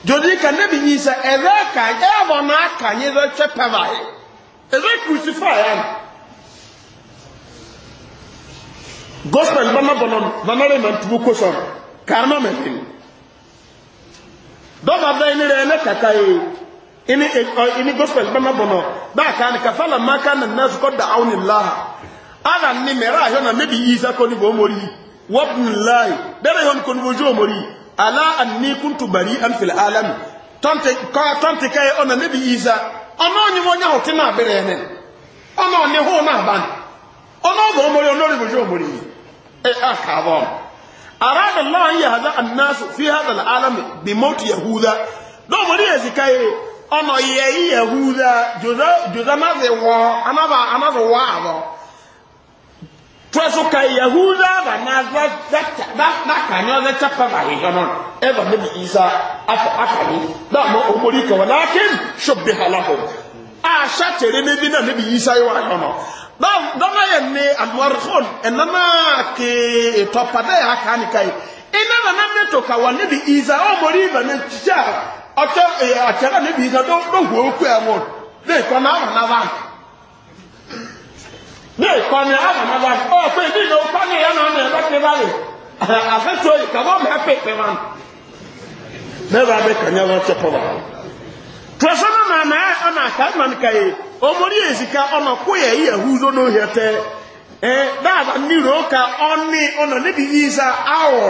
jozi ka nabi isa ere ka evo na aka nyi re chepeva ere e crucify am gospel barnaba non banare man tubuko son karma men doba dai ni re ne kakai e ini eh, oh, ini gospel bama bono ba kan ka fala maka na nas qad auni allah ala ni mera yo na nabi isa ko ni go mori wabnillahi dara yon kon wo jo mori ala anni kuntu bari'an fil alam tante ka tante kay ona nabi isa ona ni mo nya hote na bere ne ona ni ho na ban ona go mori ona ri jo mori e akhabam arada allah yahza an nas fi hadha al alam bi maut yahuda do mori ezikaye ọmọ yẹ yíyẹ húdá jùdá máfi wọ amáfi wọ àbọ̀ tọ́sù ka yẹ húdá bà náà dákàní ọdẹ chápá bà yíyọ náà ẹbà níbi ìsá afàní náà mọ òmòrí kọwọ lákín ṣòbí halahù àṣà tèrè níbi náà níbi ìsá yíwọ àyọ náà dọ́mọ yẹn ní àdúwárùfọ́n ẹ̀nàmà kì í tọ́padà yà á kà á nìkan yìí iná nà nà mẹ́tò níbi ìsá ọmọrí ọcha eh, achara na ebighị na n'ogwe okwu ya nwụrụ na-ekọ na ahụ na van na-ekọ na ahụ oh, na van ọ kwe ndị na okwu anyị ya na ọ na-eme kpebali afeso oyi ka bọọlụ ha kpekpe van n'ebe abịa ka nye wọn chepụrụ tụrọsọnụ na na ọ na-aka mma ka ị omori ezika ọ na kwụ ya ihe hụzo n'ohia tee ee daaba mmiri ụka ọ nị ọ nọ n'ebighị ịza awọ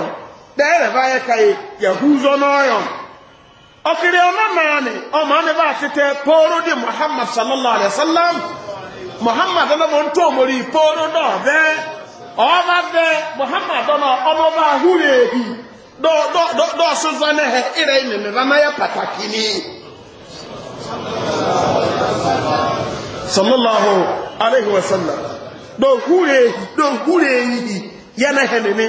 na reba ya ka ị ya hụzo n'ọyọ ọkiri ọmọmọani ọmọani bá site pòórò di muhammad sallallahu alaihi wa muhammad ọlọmọ ntọ́ omori pòórò náà bẹ́ ọba bẹ́ muhammad ọ̀nà ọmọba ahúrò èyí dọ́ọ̀sọ́sọ́ náà hẹ ìrẹ́ ìmìmì bá máa yẹ pàtàkì ni. sallallahu alaihi wa sallam dọ̀ húrò èyí dọ̀ húrò èyí yẹn náà hẹ nìyí.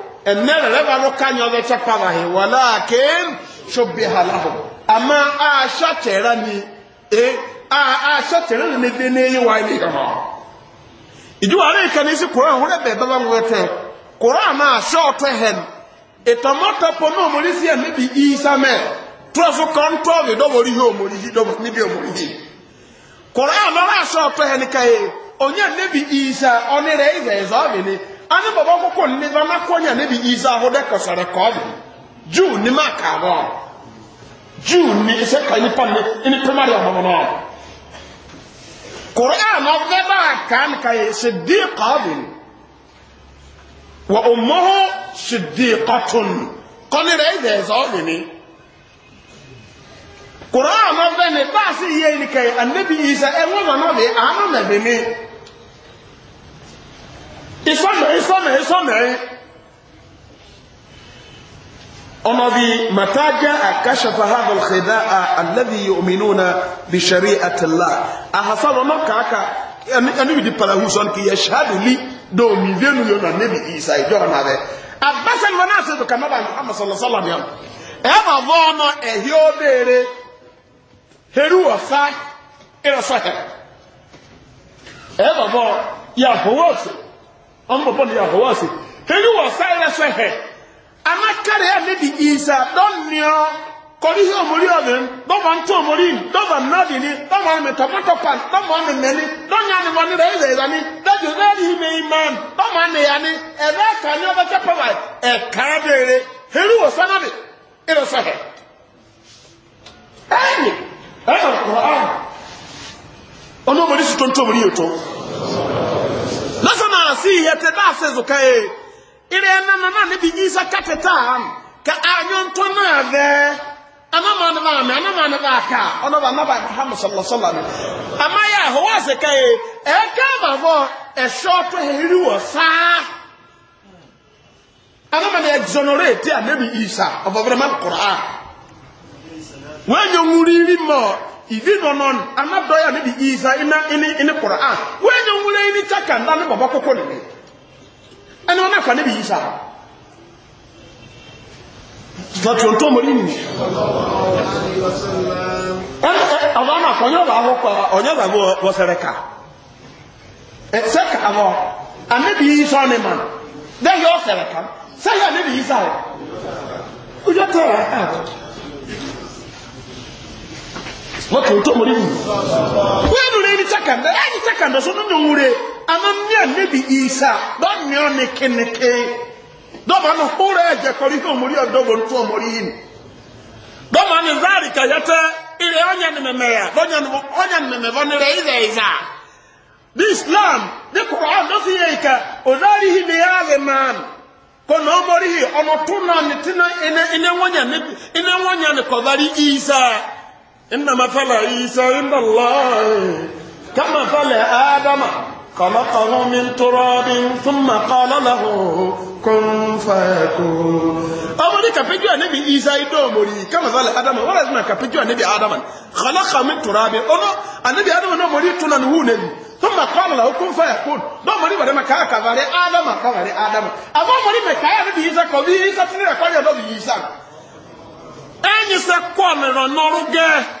ẹ̀mẹ́rẹ̀ rẹ̀bà ló kányọ ọdẹ chapara wà láàkín ṣòbí halahu àmà aṣọ́tẹ̀rẹ́ ni e, aṣọ́tẹ̀rẹ́ ni dé ní yíwa ilé ọ̀nà ìjúwà rẹ̀ kẹ́ni sí kòrán òun rẹ̀bẹ̀ bẹ́bẹ̀ ń wẹ́tẹ̀ kòrán náà aṣọ́ọ̀tẹ̀ hẹn ìtọ̀mọ́tọ̀pọ̀ náà mo rí sí ẹ̀mí bí ìsámẹ́ tọ́fù kan tọ́ọ̀bì dọ́wọ́rí yóò mórí yìí níbi yìí onye níbi ani bɔbɔ koko nniba n'akɔnya ne bi iza ahɔ dɛ kɔsɛrɛ kɔɔbi juu ni ma ka bɔ juu ni ɛsɛ ka nipa ni ni primary ɔmo no koran ɔbɛ baa kan ka yɛ sidi kɔɔbi wa ɔmo sidi kɔtun kɔni rɛ ɛdɛ ɛzɛ ɔbi ni koran ɔbɛ ni baasi yɛ ni ka yɛ anabi iza ɛwɔ ma n'ɔbi ano na bi ni. اسمعي اسمعي اسمعي أما في متاجع كشف هذا الخداء الذي يؤمنون بشريعة الله أحسن مكة أكا أنه يجب على حسن كي يشهد لي دو مدين يونا نبي إيسا يجورنا ذي أبس المناسة كما بأن محمد صلى الله عليه وسلم يوم أما ظهنا إهيو ديري هروا فا إلى صحيح أما ظهنا يهوه ɔmbɔbɔ ne yɛ ɔwɔ ase hɛni wɔ sayɛrɛ sɛ hɛ anakari a ne di isa dɔnniɔ kɔri hi omori ɔbɛn dɔbɔ ntɔ omori dɔbɔ nnɔdini dɔbɔ ɔmɛ tɔmɔtɔ pan dɔbɔ ɔmɛ mɛni dɔnyɛ anibɔ ne rɛ ɛzɛ ɛzani dɔbi rɛri hi mɛyi man dɔbɔ aneyani ɛbɛ ɛka ni ɔbɛ tɛpɛ wa ɛka beere hɛni wɔ sana de ɛrɛ sɛ hɛ ɛyɛ ɛyɛ kɔrɔ ɔnubɔli si tontɔn omori yɛ tɔn. sasa naasi yɛte daase so ire na e. e e na ne binyisa nyisa kateta ha ka anyɔnto naa na-adị. ne ba mɛ anama ne ba ka ɔno ba naba muhammed sallasala no ama yɛ ahowa ka ye ɛka na exonerate ivi nɔnɔ ni ana dɔ ya ne bi iza ina ini ini kɔrɔ a wo enyo nwule ini chaka nda ne bɔbɔ koko ne ne ɛna wɔn afa ne bi iza zɔtɔntɔ mori ni ɛn ɛ ɔba na kɔ ɔnyɛ ba ahɔ kɔ ɔnyɛ ba bɔ wɔsɛrɛ e, ka ɛ wọ́n kò tó mọ̀rí yìí wọ́n nù lẹ́yìn sákàndà ẹ̀yìn sákàndà sọ nínú òun rẹ̀ àmọ́ ní ànẹ́bì ìsà lọ́nà ọ̀nà kẹ́nẹ́kẹ́ dọ́mà nù kúrẹ́ ẹ̀jẹ̀ kọrí kó mọ̀rí ọ̀dọ́ wọn tó mọ̀rí yìí dọ́mà nù záàrì kàyẹ́tẹ́ ilẹ̀ ọ̀nyà ni mẹ̀mẹ̀ yà ọ̀nyà ni mẹ̀mẹ̀ bọ́ nílẹ̀ ilẹ̀ ìsà bí islam bí quran ló fi yẹ ìkà ọ̀dọ́rì yìí ni yà kono mori hi ono tuna ni tina ina ina wanya ni ina wanya ni kodari isa إن مثل عيسى عند الله كمثل آدم خلقه من تراب ثم قال له كن فيكون أمري كفجوا نبي عيسى دومري كمثل آدم ولا اسمع كفجوا نبي آدم خلق من تراب أنا النبي آدم نمري تنانهو نبي ثم قال له كن فيكون دومري بدل ما كان كفاري آدم كفاري آدم أمري مكايا نبي عيسى كوي عيسى تنير كوي نبي عيسى أني سكوا من نورجه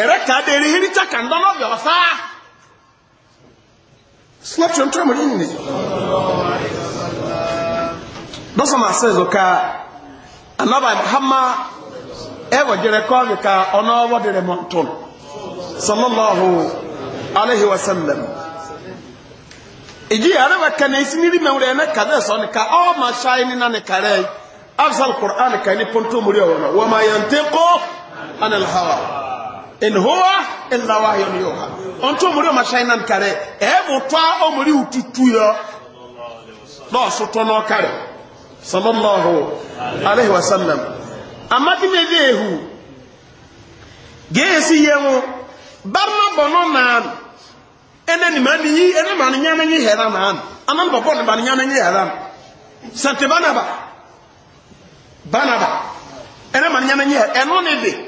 ɛrɛka de erihiri taka ndɔn ɔbi ɔfa sinatio ntɔmɔ yi ni dɔsɔn ase zo ka anaba hama ɛwɔ gyerɛ kɔɔge ka ɔno ɔwɔ de rɛ mɔntɔn sallallahu alayhi wa sallam ìjì yàrá wa kàn ní siniri mẹwúrẹ ẹnẹ kàdé sọ ni ka ọ ma ṣáyé nínà ni kàrẹ abisal kur'an kàn ní pọntó múri ọwọ náà wọ́n ma yàn tẹ́ kó in huwa illa wahyun yuha onto muri ma shayna nkare e butwa o muri ututu yo lo so to no kare sallallahu alaihi wasallam amati me dehu gesi yemu barna bono nan ene ni mani yi ene mani nyana nyi hera nan anan bobo ni mani nyana nyi hera sante banaba banaba ene mani nyana nyi hera eno ne de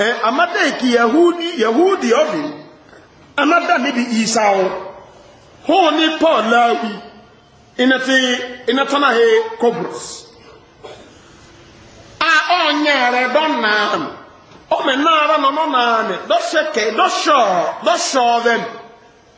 eh, amadeki yahudi yahudi obi anada nibi isao huu ni paul lawi inati inatana he kobus a onyere donna o me nara no no nane do seke do sho do sho them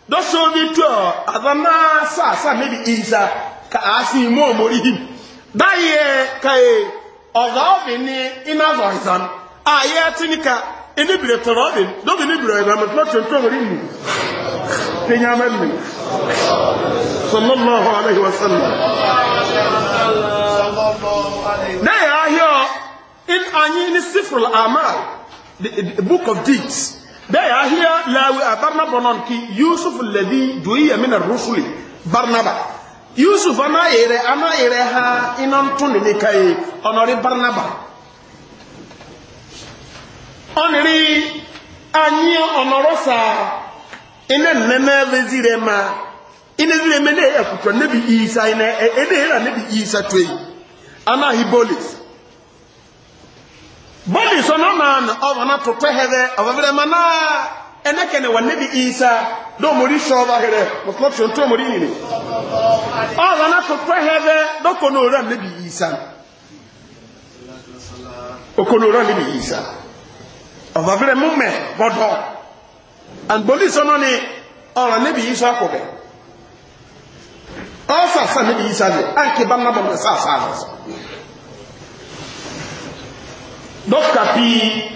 do sho bi to adana sa sa nibi isa ka asi mo morihim daye kai e, ọ̀gá ni iná zọ̀ìsàn ayé atinika enibire tọrọ ọdị dọbi enibire ọdị ama tọrọ tọrọ tọrọ mu kenya mẹmẹ sallallahu alayhi wa sallam dẹ́yẹ ahịa in anyị ni sifrul amal the book of deeds dẹ́yẹ ahịa lawi abarnaba nọ nke yusuf ledi duiya mina rusuli barnaba yusuf anaghịrị anaghịrị ha ịnọ ntụ n'ime ka ọnọrị barnaba ọnịrị anyị ọnọrọsa ina nneme vezire ma ina eme. me ne ekuta nebi isa ina ene era nebi isa twei anaghị bolis bolis ọ na na ọba na tụtụ hebe ọbabere ma na enekene wa nebi isa domori shọba here mọtọtụ ntụ omori nini ọba na tụtụ hebe dọkọ n'ora nebi isa okonora nebi isa ọ̀fàfẹ́rẹ́ múmẹ̀ bọ́dọ̀ and police ọ̀nà ni ọ̀ràn níbi yìí sọ àkọ́bẹ̀ ọ̀fàfà níbi yìí sáfẹ́ àǹkì bá nàbọ̀ mẹ́ sáfà rẹ̀ dọ́kítà pi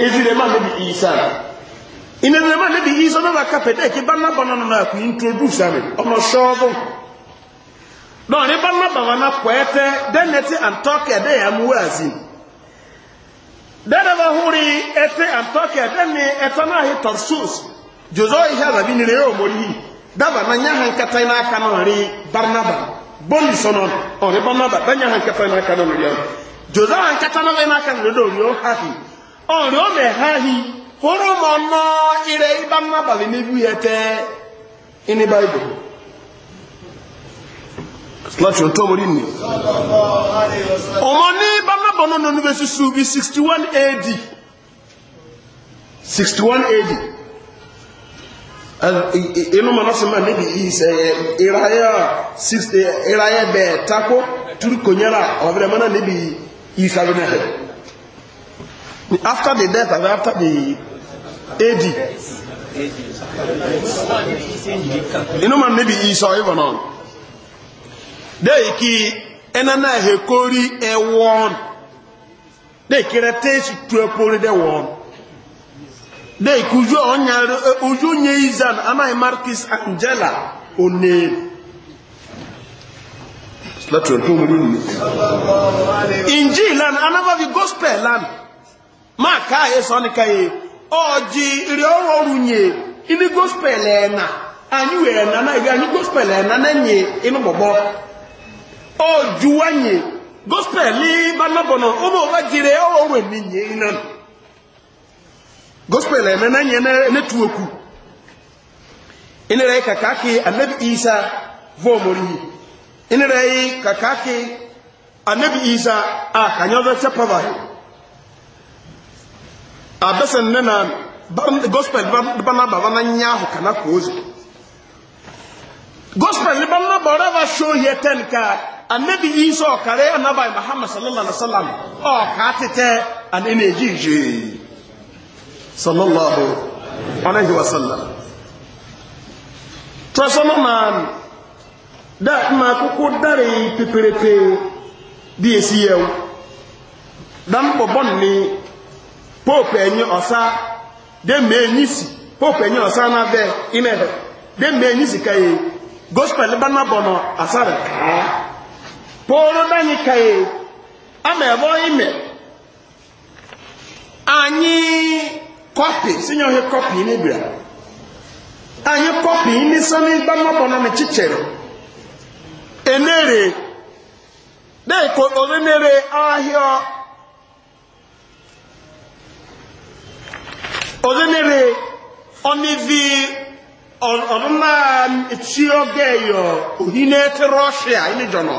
ezire má níbi yìí sáfẹ́ ìnẹ̀dẹ̀ má níbi yìí sọ́nà bá kápẹ́tẹ́ kí bá nàbọ̀ nínú náà kì í introduce àmì ọmọ ṣọ́ọ́bù náà ní bá nàbọ̀ wọn náà pọ̀ ẹ́tẹ́ and talk ẹ̀ dẹ́yà mú dada bahuri ete antoke dani etana hi tarsus juzo iha zabi ni leo morihi daba na nya hankata na aka no ri barnaba boni sono o ri barnaba da nya hankata na aka no ri ya juzo hankata na na aka no do ri o hahi o ri o me hahi horo mo no ire ibarnaba ni bi ete ini bible láti ọ̀tọ́ orí ni ọmọ ní bánábọ̀nà ní university school bí 61 AD 61 AD inú mọ̀ lọ́sí mọ̀ níbi ìṣẹ́ ìráyẹ̀ bẹ̀ tako turkonyara ọ̀bẹ̀rẹ̀ mọ́nà níbi ìsàbẹ̀nẹ̀ after the death and after the AD inú mọ̀ níbi ìṣọ́ ìwọ̀n deki enana hekori ewon deki reteshi tuepori de won deki uju onya e, uju nye izan anai e markis angela one láti ọ̀tọ́ orí ni ìjì ìlànà anábàbí gospel lánà máa káàyè sọ ní káyè ọjì ìrẹ̀ ọrọ̀ ọrùn yẹ gospel e na anyị ẹ̀nà na ìrẹ̀ anyú gospel ẹ̀nà náà yẹ inú ojuwanye gospel banabono omo obagire owe ninye inan gospel enena nye ne tuoku inere kakaki annabi isa vo mori inere kakaki annabi isa a kanyoza chapava abesen nena gospel banaba bananya ho kana ozi gospel banaba rava ten yetenka anabi yi sɛ ɔkare anabai muhammad sallallahu alaihi wasallam ọka tetɛ ane na egyi hwee sallallahu alaihi wasallam tɔso no na da na koko dare pepepe di esi ya. dan bɔbɔ ni. popu enyi ọsa. de ma enyi si popu enyi ọsa na bɛ ime. de ma enyi si ka ye gospel bana bɔ no asare kaa. poro ka kaye ama ebo ime anyị kọpi sinye ohe kọpi n'ebira anyị kọpi n'isa n'igba mmapọ na mechichere enere deko orenere ahịa orenere onivi ọdụma ọ oge yo ohi na etere ọshịa ịnịjọ nọ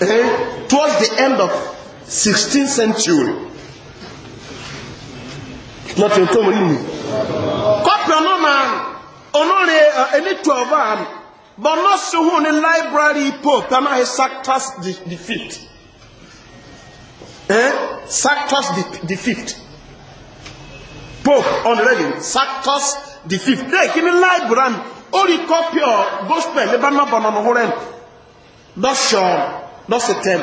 eh, towards the end of 16th century láti ọ̀tọ́ mọ̀ nínú kọ́pẹ̀ ọ̀nà máa ọ̀nàrẹ̀ ẹni tó ọba bọ̀ náà sọ́hún ní library pope tánà ẹ sactus the fifth eh? sactus the fifth pope ọ̀nàrẹ̀ yìí sactus the fifth dẹ́ kí ní library only copy kọ́pẹ̀ ọ̀ gospel ní bá náà bọ̀ náà hórẹ́ dọ́ṣọ́ọ̀ lọ́sì tẹ́m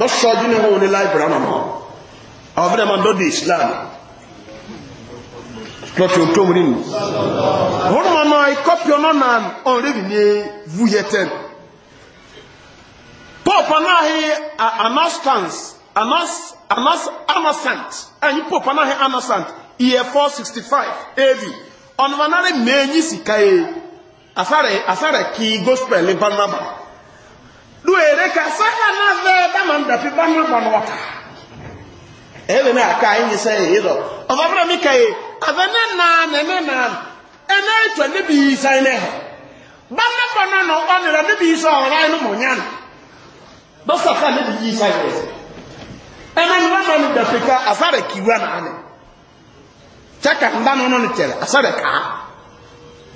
lọ́sọ́jú ní wọn ní láìbìrì àmàmà àwọn fẹ́rẹ̀ máa lọ́dọ̀ islam lọ́tí o tó mú nínú wọ́n mọ̀ náà ikọ́pì ọ̀nà náà ọ̀rẹ́bì ní vúyẹ tẹ́m pọ́ọ̀pù anáhì anastans anasant ẹ̀yí pọ́ọ̀pù anáhì anasant year 465 av ọ̀nà wọn náà mẹ́yìn sìkáyé afárẹ̀ kí gospel ní barnabas duere ka saha na ve dama ndapi bama bama waka ewe na aka inyi se hizo ovabra mika ye avene na nene na ene etwa ne bi isa ine he bama bama no onira ne bi isa ora ino monyan basa ka ne bi isa ine se ene nwa ma ni dafika asare kiwa na ane chaka ndano no ni tele asare ka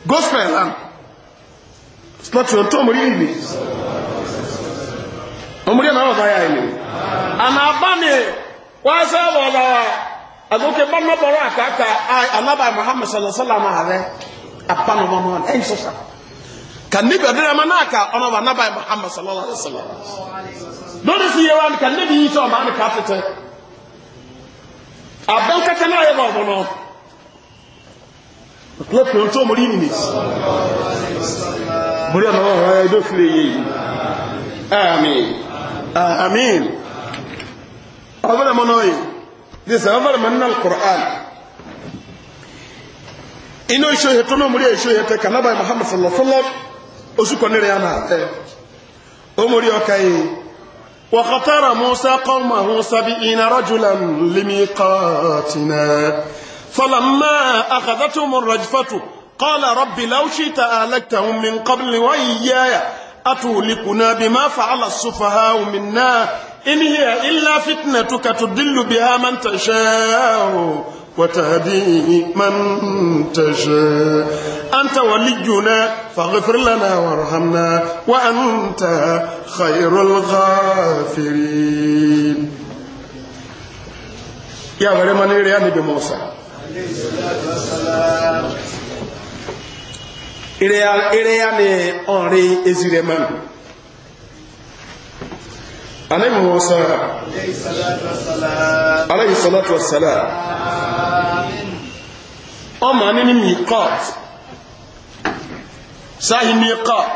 gospel land Slot your tomb, omuri na ọzọ ya ni anabani wáṣẹ wọlọ agoke bọmọ aka aka anaba muhammad sallallahu alaihi apanubọmọ ẹyin sọsọ ka níbi ọdún ẹmọ náà ka ọmọ bá anaba sallallahu alaihi lórí ka níbi yìí sọ ọmọ àmì káfíntẹ abẹ́n kẹ́kẹ́ náà yẹ bọ̀ ọ̀bọ̀nà lọ́pẹ̀ ohun tó mọ̀ rí nìyí yẹ yìí آمين أولا منوي دي سأمر من القرآن إنه يشوه يتنو مريا يشوه يتكى نبي محمد صلى الله عليه وسلم أسوكو نريانا أمري أوكي وخطر موسى قومه سبئين رجلا لميقاتنا فلما أخذتهم الرجفة قال رب لو شئت أهلكتهم من قبل وإياي أتولكنا بما فعل السفهاء منا إن هي إلا فتنتك تدل بها من تشاء وتهدي من تشاء أنت ولينا فاغفر لنا وارحمنا وأنت خير الغافرين يا غريمان يا نبي موسى عليه الصلاة والسلام ire ya ni ọ̀rin ezire mẹ́rin alayhi wa sallam alayhi salatu wa sallam ọmọ ni ni mikot sahi mikot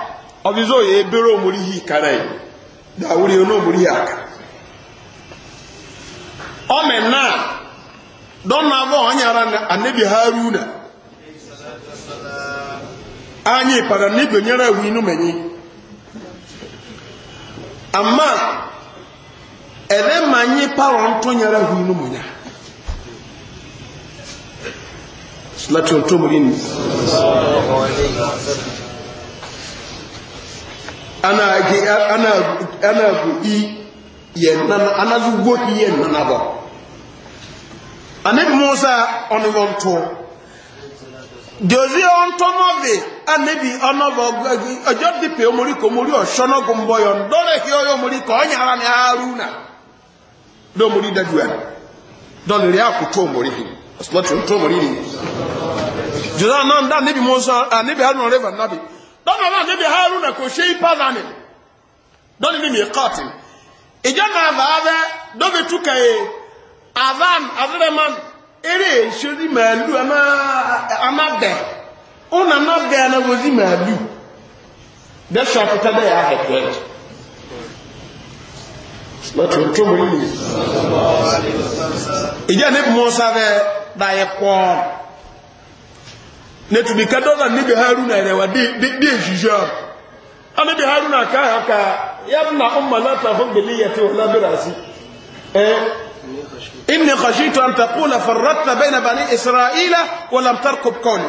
ọbizọ ya ebere omori yi kara yi da ya ono omori ya aka ọmọ náà na abọ́ ha annabi na. anyị para n'ibe nyere ewu inu menyi ama ebe ma anyị para ntụ nyere ewu inu menyi láti ọ̀tọ́ mú nínú anagu anagugo iye nanabọ anabi musa ọnụwọ ntụ dozie ọntọ mọbi anabi ọnọbọ ọjọ dịpe omori ka omori ọsọnọ gụ mbọ ya ndọrọ hie ọya omori ka ọ nyara na arụ na na omori dadu ya dọlịrị akwụ tụ omori hi ọsọtụ ntụ omori ni jụrụ anọ ndị anabi mụ nsọ anabi anọ rịva nnabi dọlịrị na ha arụ na ka oshie ipa na anị dọlịrị mi kọtị ịjọ na ava abịa dobe tuka ya avan adịrịman ere esiri ma elu ama ama de. una nabea na wozi maalu da shafita da ya haife láti ọjọ́ mọ̀ yìí ìjẹ́ ní mọ́ sáfẹ́ dáyẹ pọ̀ nítùbí kẹ́dọ́nà níbi haruna ẹ̀rẹ̀wà dí èṣìṣẹ́ a níbi haruna káàkà yẹ́bùnà ọmọ látàfún gbèlé yẹ tí ó lábẹ́rẹ̀ sí inni khashitu an taqula farratta bayna bani isra'ila wa lam tarqub qawli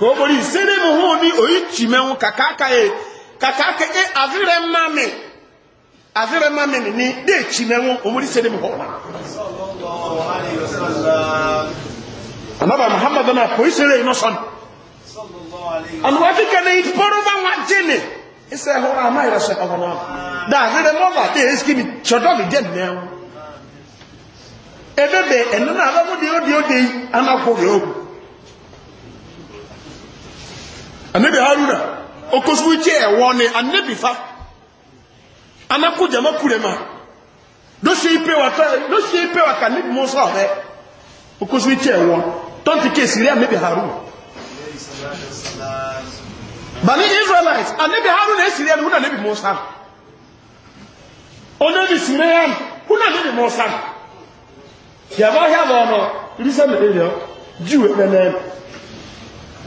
kòbòrò ìsẹ́lẹ̀ mú hùn ní òyí tì mẹ́hún kàkàkà ẹ̀ kàkàkà ẹ̀ àfẹ́rẹ́ mami àfẹ́rẹ́ mami ní dé tì mẹ́hún òmùrí ìsẹ́lẹ̀ mú hùn náà. anaba muhammad náà kò ìsẹ́lẹ̀ iná sọ́nù. àwọn akíkẹ́ ní ìfọ́rọ́ bá wà jẹ́nì ìsẹ́ ẹ̀hún àmà ìrẹsẹ̀ ọ̀gbọ̀n náà. dá àfẹ́rẹ́ mọ́bà dé èsìkì mi mi ebebe anabi haruna okosufu kye ɛwɔ ne anabi fa anako jama kure ma dosie ipe wata dosie ipe waka ne bi musa ɔbɛ okosufu kye ɛwɔ tɔnti ke siri anabi haruna bani israelite anabi haruna esiri ɛnu huna anabi musa ɔnabi siri ɛnu huna anabi musa yaba yaba ɔno risa mi de yɛ jiwe ɛnɛ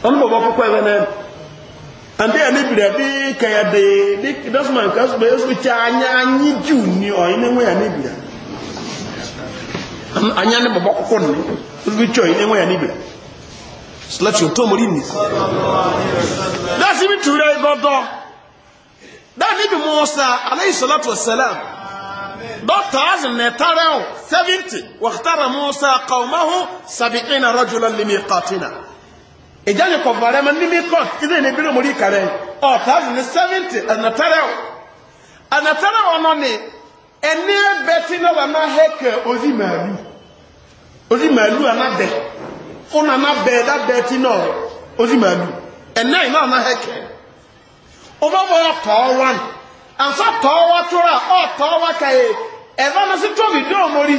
ɔnu bɔbɔ koko ɛnɛ ande ya ne bira bi ka ya de de dasman ka so be so cha anya anyi ju ni o ine nwe ya ne bira anya ne bobo kokko ni so bi cho ine nwe ya ne bira slati o to mori ni that's even true that godo that ni bi musa alayhi salatu wassalam dọ́tà azìnẹ̀tàrẹ́ ọ̀ 70 wàhtàrà musa kàwọ́máhù 70 rọ́jùlọ lè ìjáde ndị mọ́ ní mikron ilé ní bírí omori ìkàrẹ́ ọ̀tàzì ní 70 ẹ̀nàtẹ́rẹ́ ẹ̀nàtẹ́rẹ́ ọ̀nà ni ẹni ẹbẹ tí na wà ozi maịlụ ozi maịlụ anábẹ fún anábẹ dábẹ tí ozi màálù ẹ̀nà ìná na hẹ́kẹ̀ ọba bọ̀rọ̀ tọ́ọ̀wá ni ànsá ka omori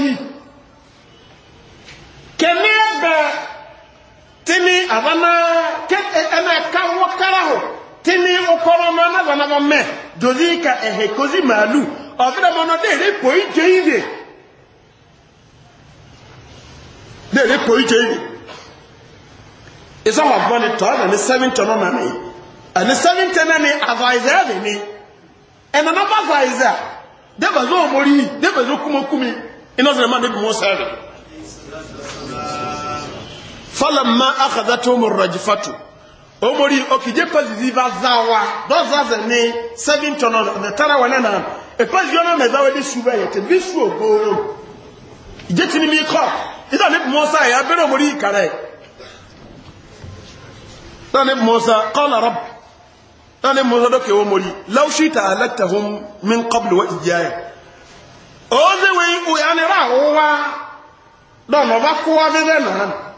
tini avana ena e, e, ka wakara ho tini okoro ma na vana va me dozi ka ehe kozi malu avira mono de re poi jeide de re poi jeide isa wa vani to na ni seven to no na ni ani seven to na ni avaiza ni ena na ba avaiza de ba zo mori de ba zo kuma kumi ina zama falamma akhadhatuhum ar-rajfatu omori okije pozizi bazawa dozaze ni seven tono the tara wanana e pozizi ona meza wedi suba yete bisu ogoro ijeti ni mikọ ida ni musa ya bere omori kare tani musa qala rabb tani musa doke omori law shita alaktahum min qabl wa ijaya oze we uyani rawa dono bakuwa bidena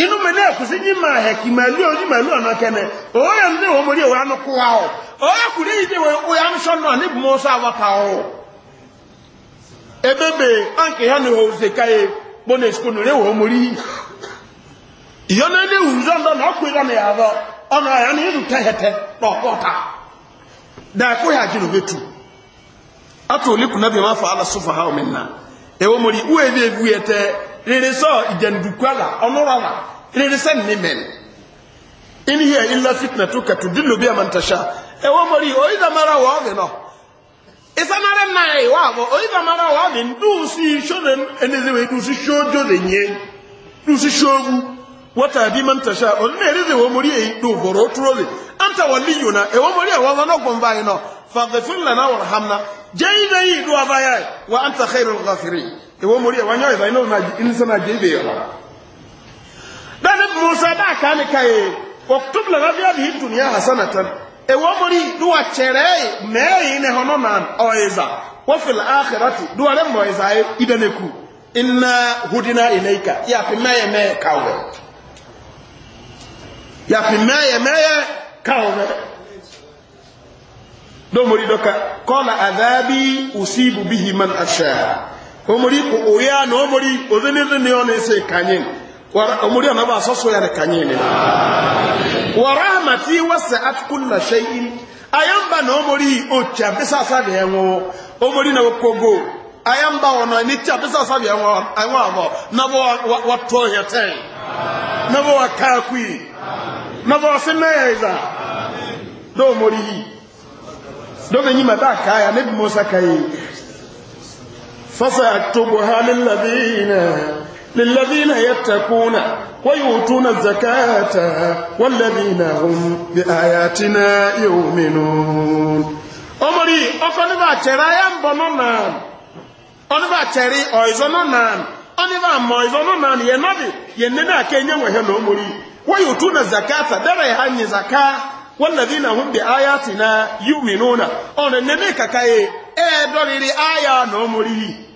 inú mi náà kò sí yín máa hẹ̀ kì màálù ọ̀yìn màálù ọ̀nà kẹ́nẹ̀ òye ní ìwọ̀n mo rí ìwọ̀n anú kó wa o òye kò rí ìdí ìwọ̀n òye amúṣọ́ náà ní ìbùmọ̀ ọ̀ṣọ́ àwọ̀ta o. ebebe ànkì hàn yìí. ìyọ́nà ilé ìwúzọ́ ńlọ náà ọ̀nà tẹ́hẹ̀tẹ́ yà jìnnà bẹ́ẹ̀ kùnà ha uwe ebu irisan ni men in hiya illa fitnatuka tudillu biya man tasha e wo mari o iza mara wa be no isanara e nai wa bo o iza mara wa be ndu si shoden enize we du si shojo de nye du si shogu wata di man tasha o ne rize wo mari e do boro trole anta waliyuna e wo mari e wa no gomba ino faghfir lana warhamna jayda yi do abaya wa anta khairul ghafirin e wo mari e wa nyoy ba ino na insana jebe yo dani musa da ka ni ka ye oktub la rabi abi dunya hasanatan e wo mori duwa chere me yi ne hono nan oiza wa fil akhirati duwa le mo iza idane ku inna hudina ilayka ya fi meye meye kawe ya fi meye meye kawe do mori doka qala adhabi usibu bihi man asha o mori ko oya no mori o zene zene on ese kanyin omuri ona ba soso ya rekanyine wa rahmati wasi'at kulli shay'in ayamba na omuri ocha bisa sabe enwo omuri na kogo ayamba ona ni cha bisa sabe enwo abo na bo wato ya ten na bo akakwi na bo semeza do omuri do benyi madaka ya للذين يتقون ويؤتون الزكاة والذين هم بآياتنا يؤمنون أمري أفني باترى ينبنونا أني باترى أيزنونا أني نام ينبي ينبي أكيني وهنا أمري ويؤتون الزكاة دري هاني زكاة والذين هم بآياتنا يؤمنون أنا نمي كاي إيه دوري آية نومري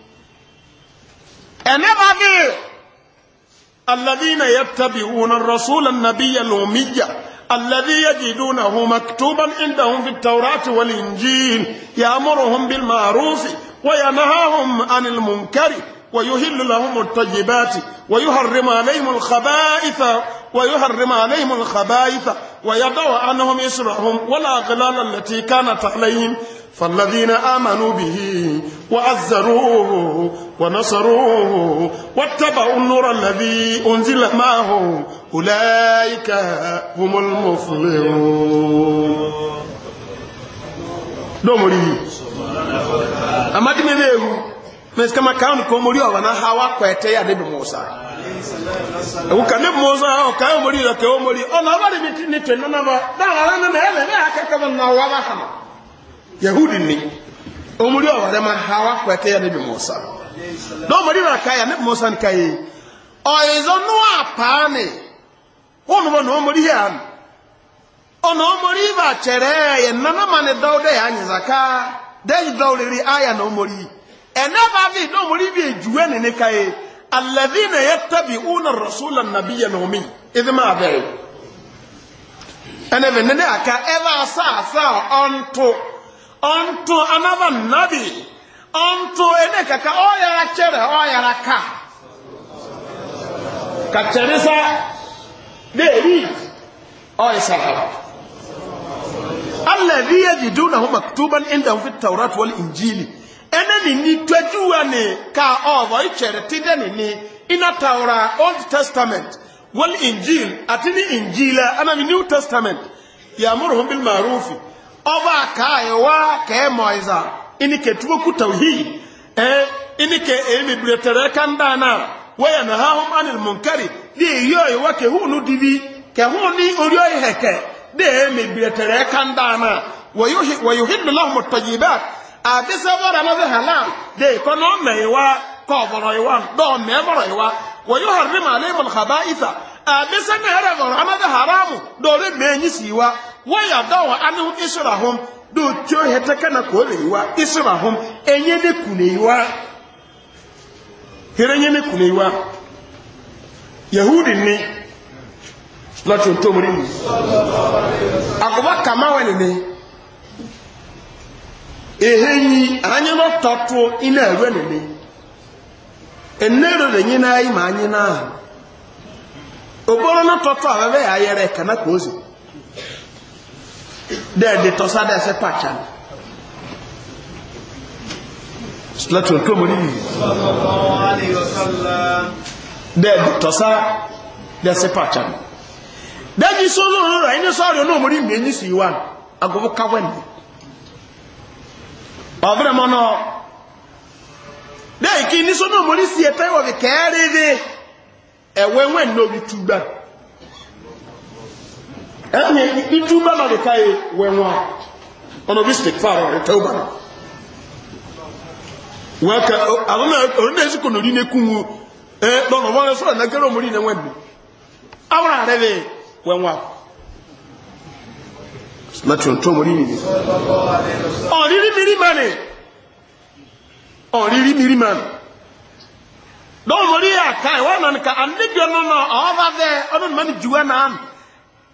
الذين يتبعون الرسول النبي الأمي الذي يجدونه مكتوبا عندهم في التوراة والإنجيل يأمرهم بالمعروف وينهاهم عن المنكر ويهل لهم الطيبات ويحرم عليهم الخبائث ويحرم عليهم الخبائث ويضع عنهم إسرهم والأغلال التي كانت عليهم فالذين آمنوا به وعزروه ونصروه واتبعوا النور الذي أنزل معه أولئك هم المفلحون domori amadi mebehu meska makaun ko mori wa na hawa kwete ya de musa uka ne musa o ka mori la ke mori ona bari mitini tena na ba da ala na ele ne akaka na wa ba hama yahudi ni omuri ọwọrẹ ma ha wa pẹtẹ ya nebi musa na omuri na ka ya nebi musa nka yi ọyẹzọ nua paani wọn bọ na omuri ya ọna omuri ba kyerẹ yẹ nana ma dọw dẹ ya nyizaka dẹ yi dọw riri aya na omuri ẹnẹ bá fi na omuri bi ejuwe ne ne ka yi alẹbi na yẹ tabi una rasula nabi ya na omi ẹdi ma bẹrẹ ẹnẹ bẹ nene aka ẹ bá asa asa ọ ntọ ọ̀ntún another Nabi, ọ̀ntún ẹni kàkà ọ̀yàrá kyerẹ̀ ọ̀yàrá ká kàkyẹrẹsà bẹẹbi ọ̀yẹsàrà alẹ́bí yẹ jìdú náà hó maktuban ẹ̀ndà fi tawrat wọlé injili ẹni ni ni tọ́júwa ni ká ọ̀bọ̀ ìkyẹrẹ ti ni ina iná tawra old testament wọlé injil atini injila ẹnna new testament yàmúrò hó bí ọba akaayewa kẹmọ ẹza inike tuwoku tawhi ẹ e, inike ebi biretere kanda na wẹyẹ na ha hom anil munkari de eyi ọyewa kehunu didi kehunu ni ori ọyẹ hẹkẹ de ebi biretere kanda na wọyọhi lọlọhùn tọyibat àbísẹ́wọ́rọ̀ lọ́sẹ̀ halal de ìkọ́nà ọmọ kọ bọrọ iwa dọọ mẹ bọrọ iwa wọyọ harima aleibul haba isa àbísẹ́ náà rẹ̀ bọrọ amadu haramu dọ̀ọ́rẹ́ mẹ́yìn sí iwa waya dawa anu israhum do tio heteka na ko le yiwa israhum enye ne kune yiwa hirenye ne kune yiwa yahudi ni lati o tomori ni akoba kama wani ni ehenyi aranye no tatu ina ewe ni ni enero le na yi ma anyina oboro no tatu abebe ayere kana ko ozi dẹ́ẹ̀dẹ́ tọ́sá dẹ́ ẹsẹ̀ pàṣà ní slatron tó mọ̀ níbi dẹ́ẹ̀dẹ́ tọ́sá dẹ́ ẹsẹ̀ pàṣà ní dẹ́ẹ̀dẹ́ sọ́nà ọ̀rọ̀ ẹni sọ́ọ̀rọ̀ náà mọ̀ níbi ẹni sì wà agogo káwẹ́ ní ọ̀bẹ̀rẹ̀ mọ́ náà dẹ́ẹ̀kì ní sọ́nà mọ̀ ní sí ẹ̀tẹ́ wọ̀ kẹ́ẹ̀rẹ́ ẹ̀wẹ̀wẹ̀ ní orí túgbà ẹni ìtúbà náà lè káyé wẹ̀wọ̀n ọ̀nà bí stick fáwọn rẹ̀ tẹ́wọ́ bára wọ́n ká àwọn ọ̀rọ̀ náà sì kò lórí nẹ́kùn wọn ẹ lọ́nà wọ́n rẹ̀ sọ̀rọ̀ nàgẹ́rọ̀ mórí nà wọ́n mi àwọn ààrẹ rẹ̀ wẹ̀wọ̀n láti ọ̀tọ́ mórí nìyí. ọ̀rírí mìírí mà ní ọ̀rírí mìírí mà ní lọ́wọ́ mórí àká ìwọ́n náà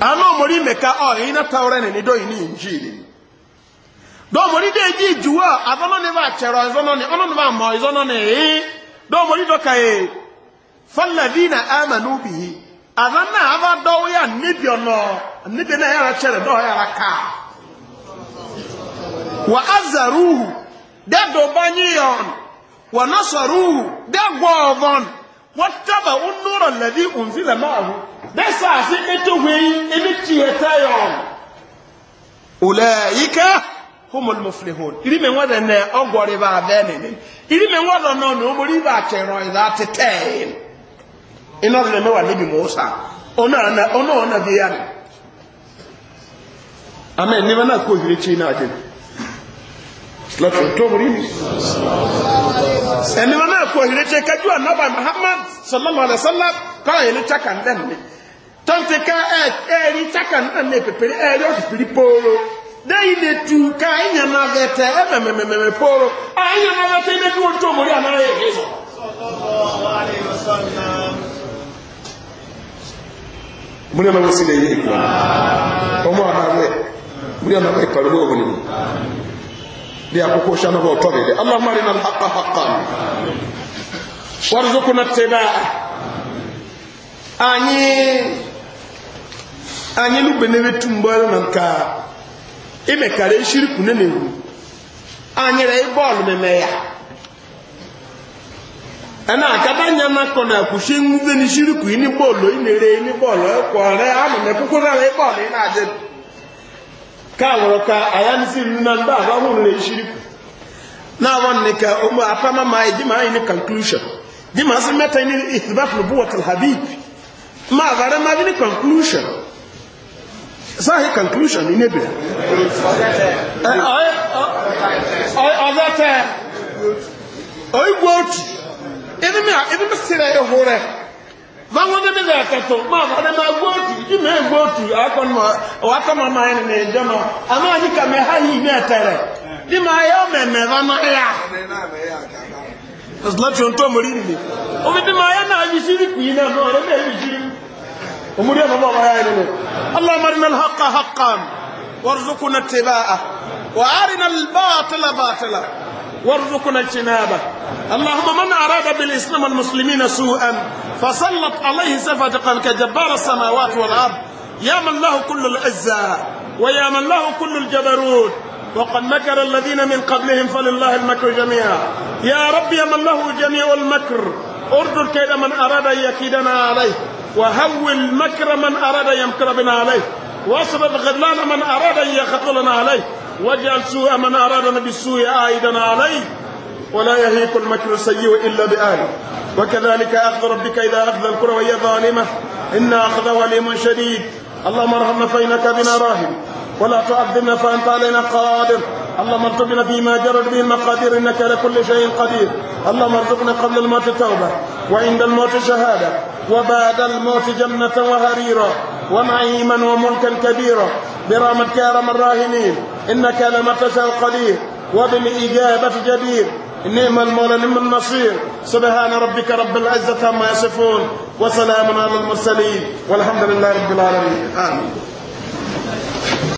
ana omori meka oyi oh, na taurani ni doyi ni injili domori de ji juwa azono ne ba chero azono ne ono ne ba mo azono ne e eh. domori do kai falladhina amanu bihi azana aba do ya nibi ono nibi na ya chere do ya raka wa azaruhu da do banyi on wa nasaruhu da gwovon wataba unura alladhi unzila ma'ahu besa asi etuhwei emitihetayom ulaika humul muflihun irime ngwada ne ogwori ba benene irime ngwada no no muri na ni na lọ́tún tó mi. ẹ̀mí wọn náà kú òhìrì tẹ ànábà muhammad sallallahu alayhi sallam kọ́ ẹ̀yẹ́lẹ́ chaka ń dẹ́nu mi. tọ́ǹtì ká ẹ̀ẹ́rì chaka ń dẹ́nu mi pèpèrè ẹ̀ẹ́rì òṣìṣìrì pòórò dẹ́yìn lè tu ká ẹ̀yàn náà bẹ̀ tẹ ẹ̀ mẹ̀mẹ̀mẹ̀mẹ̀ pòórò ẹ̀yàn náà bẹ̀ tẹ ẹ̀ dúró tó mọ̀rí àná múlẹ̀ ọmọ wọ́n sílẹ̀ yìí ìkùnà ọmọ àbáwẹ̀ múlẹ̀ ọmọ ìpàdé wọ́n ليكوكو شانه ụtọ اللهم ارنا الحق حقا وارزقنا haka اني اني لبنه تمبال anyị imekara eshirikwu ne na-egwu anyịra bọọlụ meme ya ẹna akata nya nakọ na akwụshe nwuze n'ishirikwu na bọọlụ ị na-ere ini bọọlụ ẹkwọ na bọọlụ ị na-adị káàwọ̀rọ̀ ka àyánísí nnanda àbáhùn lè ṣíríkù náà wọn ni ka ọmọ apámá máa jí máa ní conclusion jí máa sí mẹ́ta ní ìtìbáfù buwatul habib máa bàrẹ́ máa ní conclusion sáàhì conclusion ní níbi ọ̀dọ́ tẹ oyigbó òtù ebi mi sẹ́rẹ̀ ihò rẹ̀ báwọn ní bíbẹ̀ ẹ̀kẹ̀tọ̀ máa fọ́dẹ́ máa gbóòtù jí mẹ́ gbóòtù àwákọ́mọ̀ máa ń rìn ìjọmọ̀ àmọ́ àyíká mẹ́ ha yìí ní ẹ̀tẹ̀rẹ̀ bí máa yọ mẹ̀mẹ̀ bá máa yà láti ohun tó mọ̀rí nìyí omi bí máa yá náà yí sírí kùí náà náà rẹ̀ mẹ́ yìí sírí òmùrí ọmọ bọ̀ wáyà nínú اللهم ارنا الحق حقا وارزقنا اتباعه وارنا الباطل باطلا وارزقنا اجتنابه اللهم من أراد بالإسلام والمسلمين سوءا فسلط عليه سفة كجبار السماوات والأرض يا من له كل العزة ويا من له كل الجبروت وقد مكر الذين من قبلهم فلله المكر جميعا يا رب يا من له جميع المكر اردد كيد من أراد أن يكيدنا عليه وهول مكر من أراد أن يمكر بنا عليه واصرف غدلان من أراد أن يخذلنا عليه واجعل سوء من أرادنا بالسوء عائدا عليه ولا يهيق المكر السيء إلا بأهله وكذلك أخذ ربك إذا أخذ الكرة وهي ظالمة إن أخذ وليم شديد اللهم ارحمنا فإنك بنا راهب ولا تعذبنا فأنت علينا قادر اللهم ارزقنا فيما جرت به المقادير إنك على كل شيء قدير اللهم ارزقنا قبل الموت توبة وعند الموت شهادة وبعد الموت جنة وهريرا ونعيما وملكا كبيرا برحمتك يا ارحم الراحمين إنك لما تشاء قدير وبالإجابة جدير نعم المولى نعم النصير سبحان ربك رب العزة عما يصفون وسلام على المرسلين والحمد لله رب العالمين آمين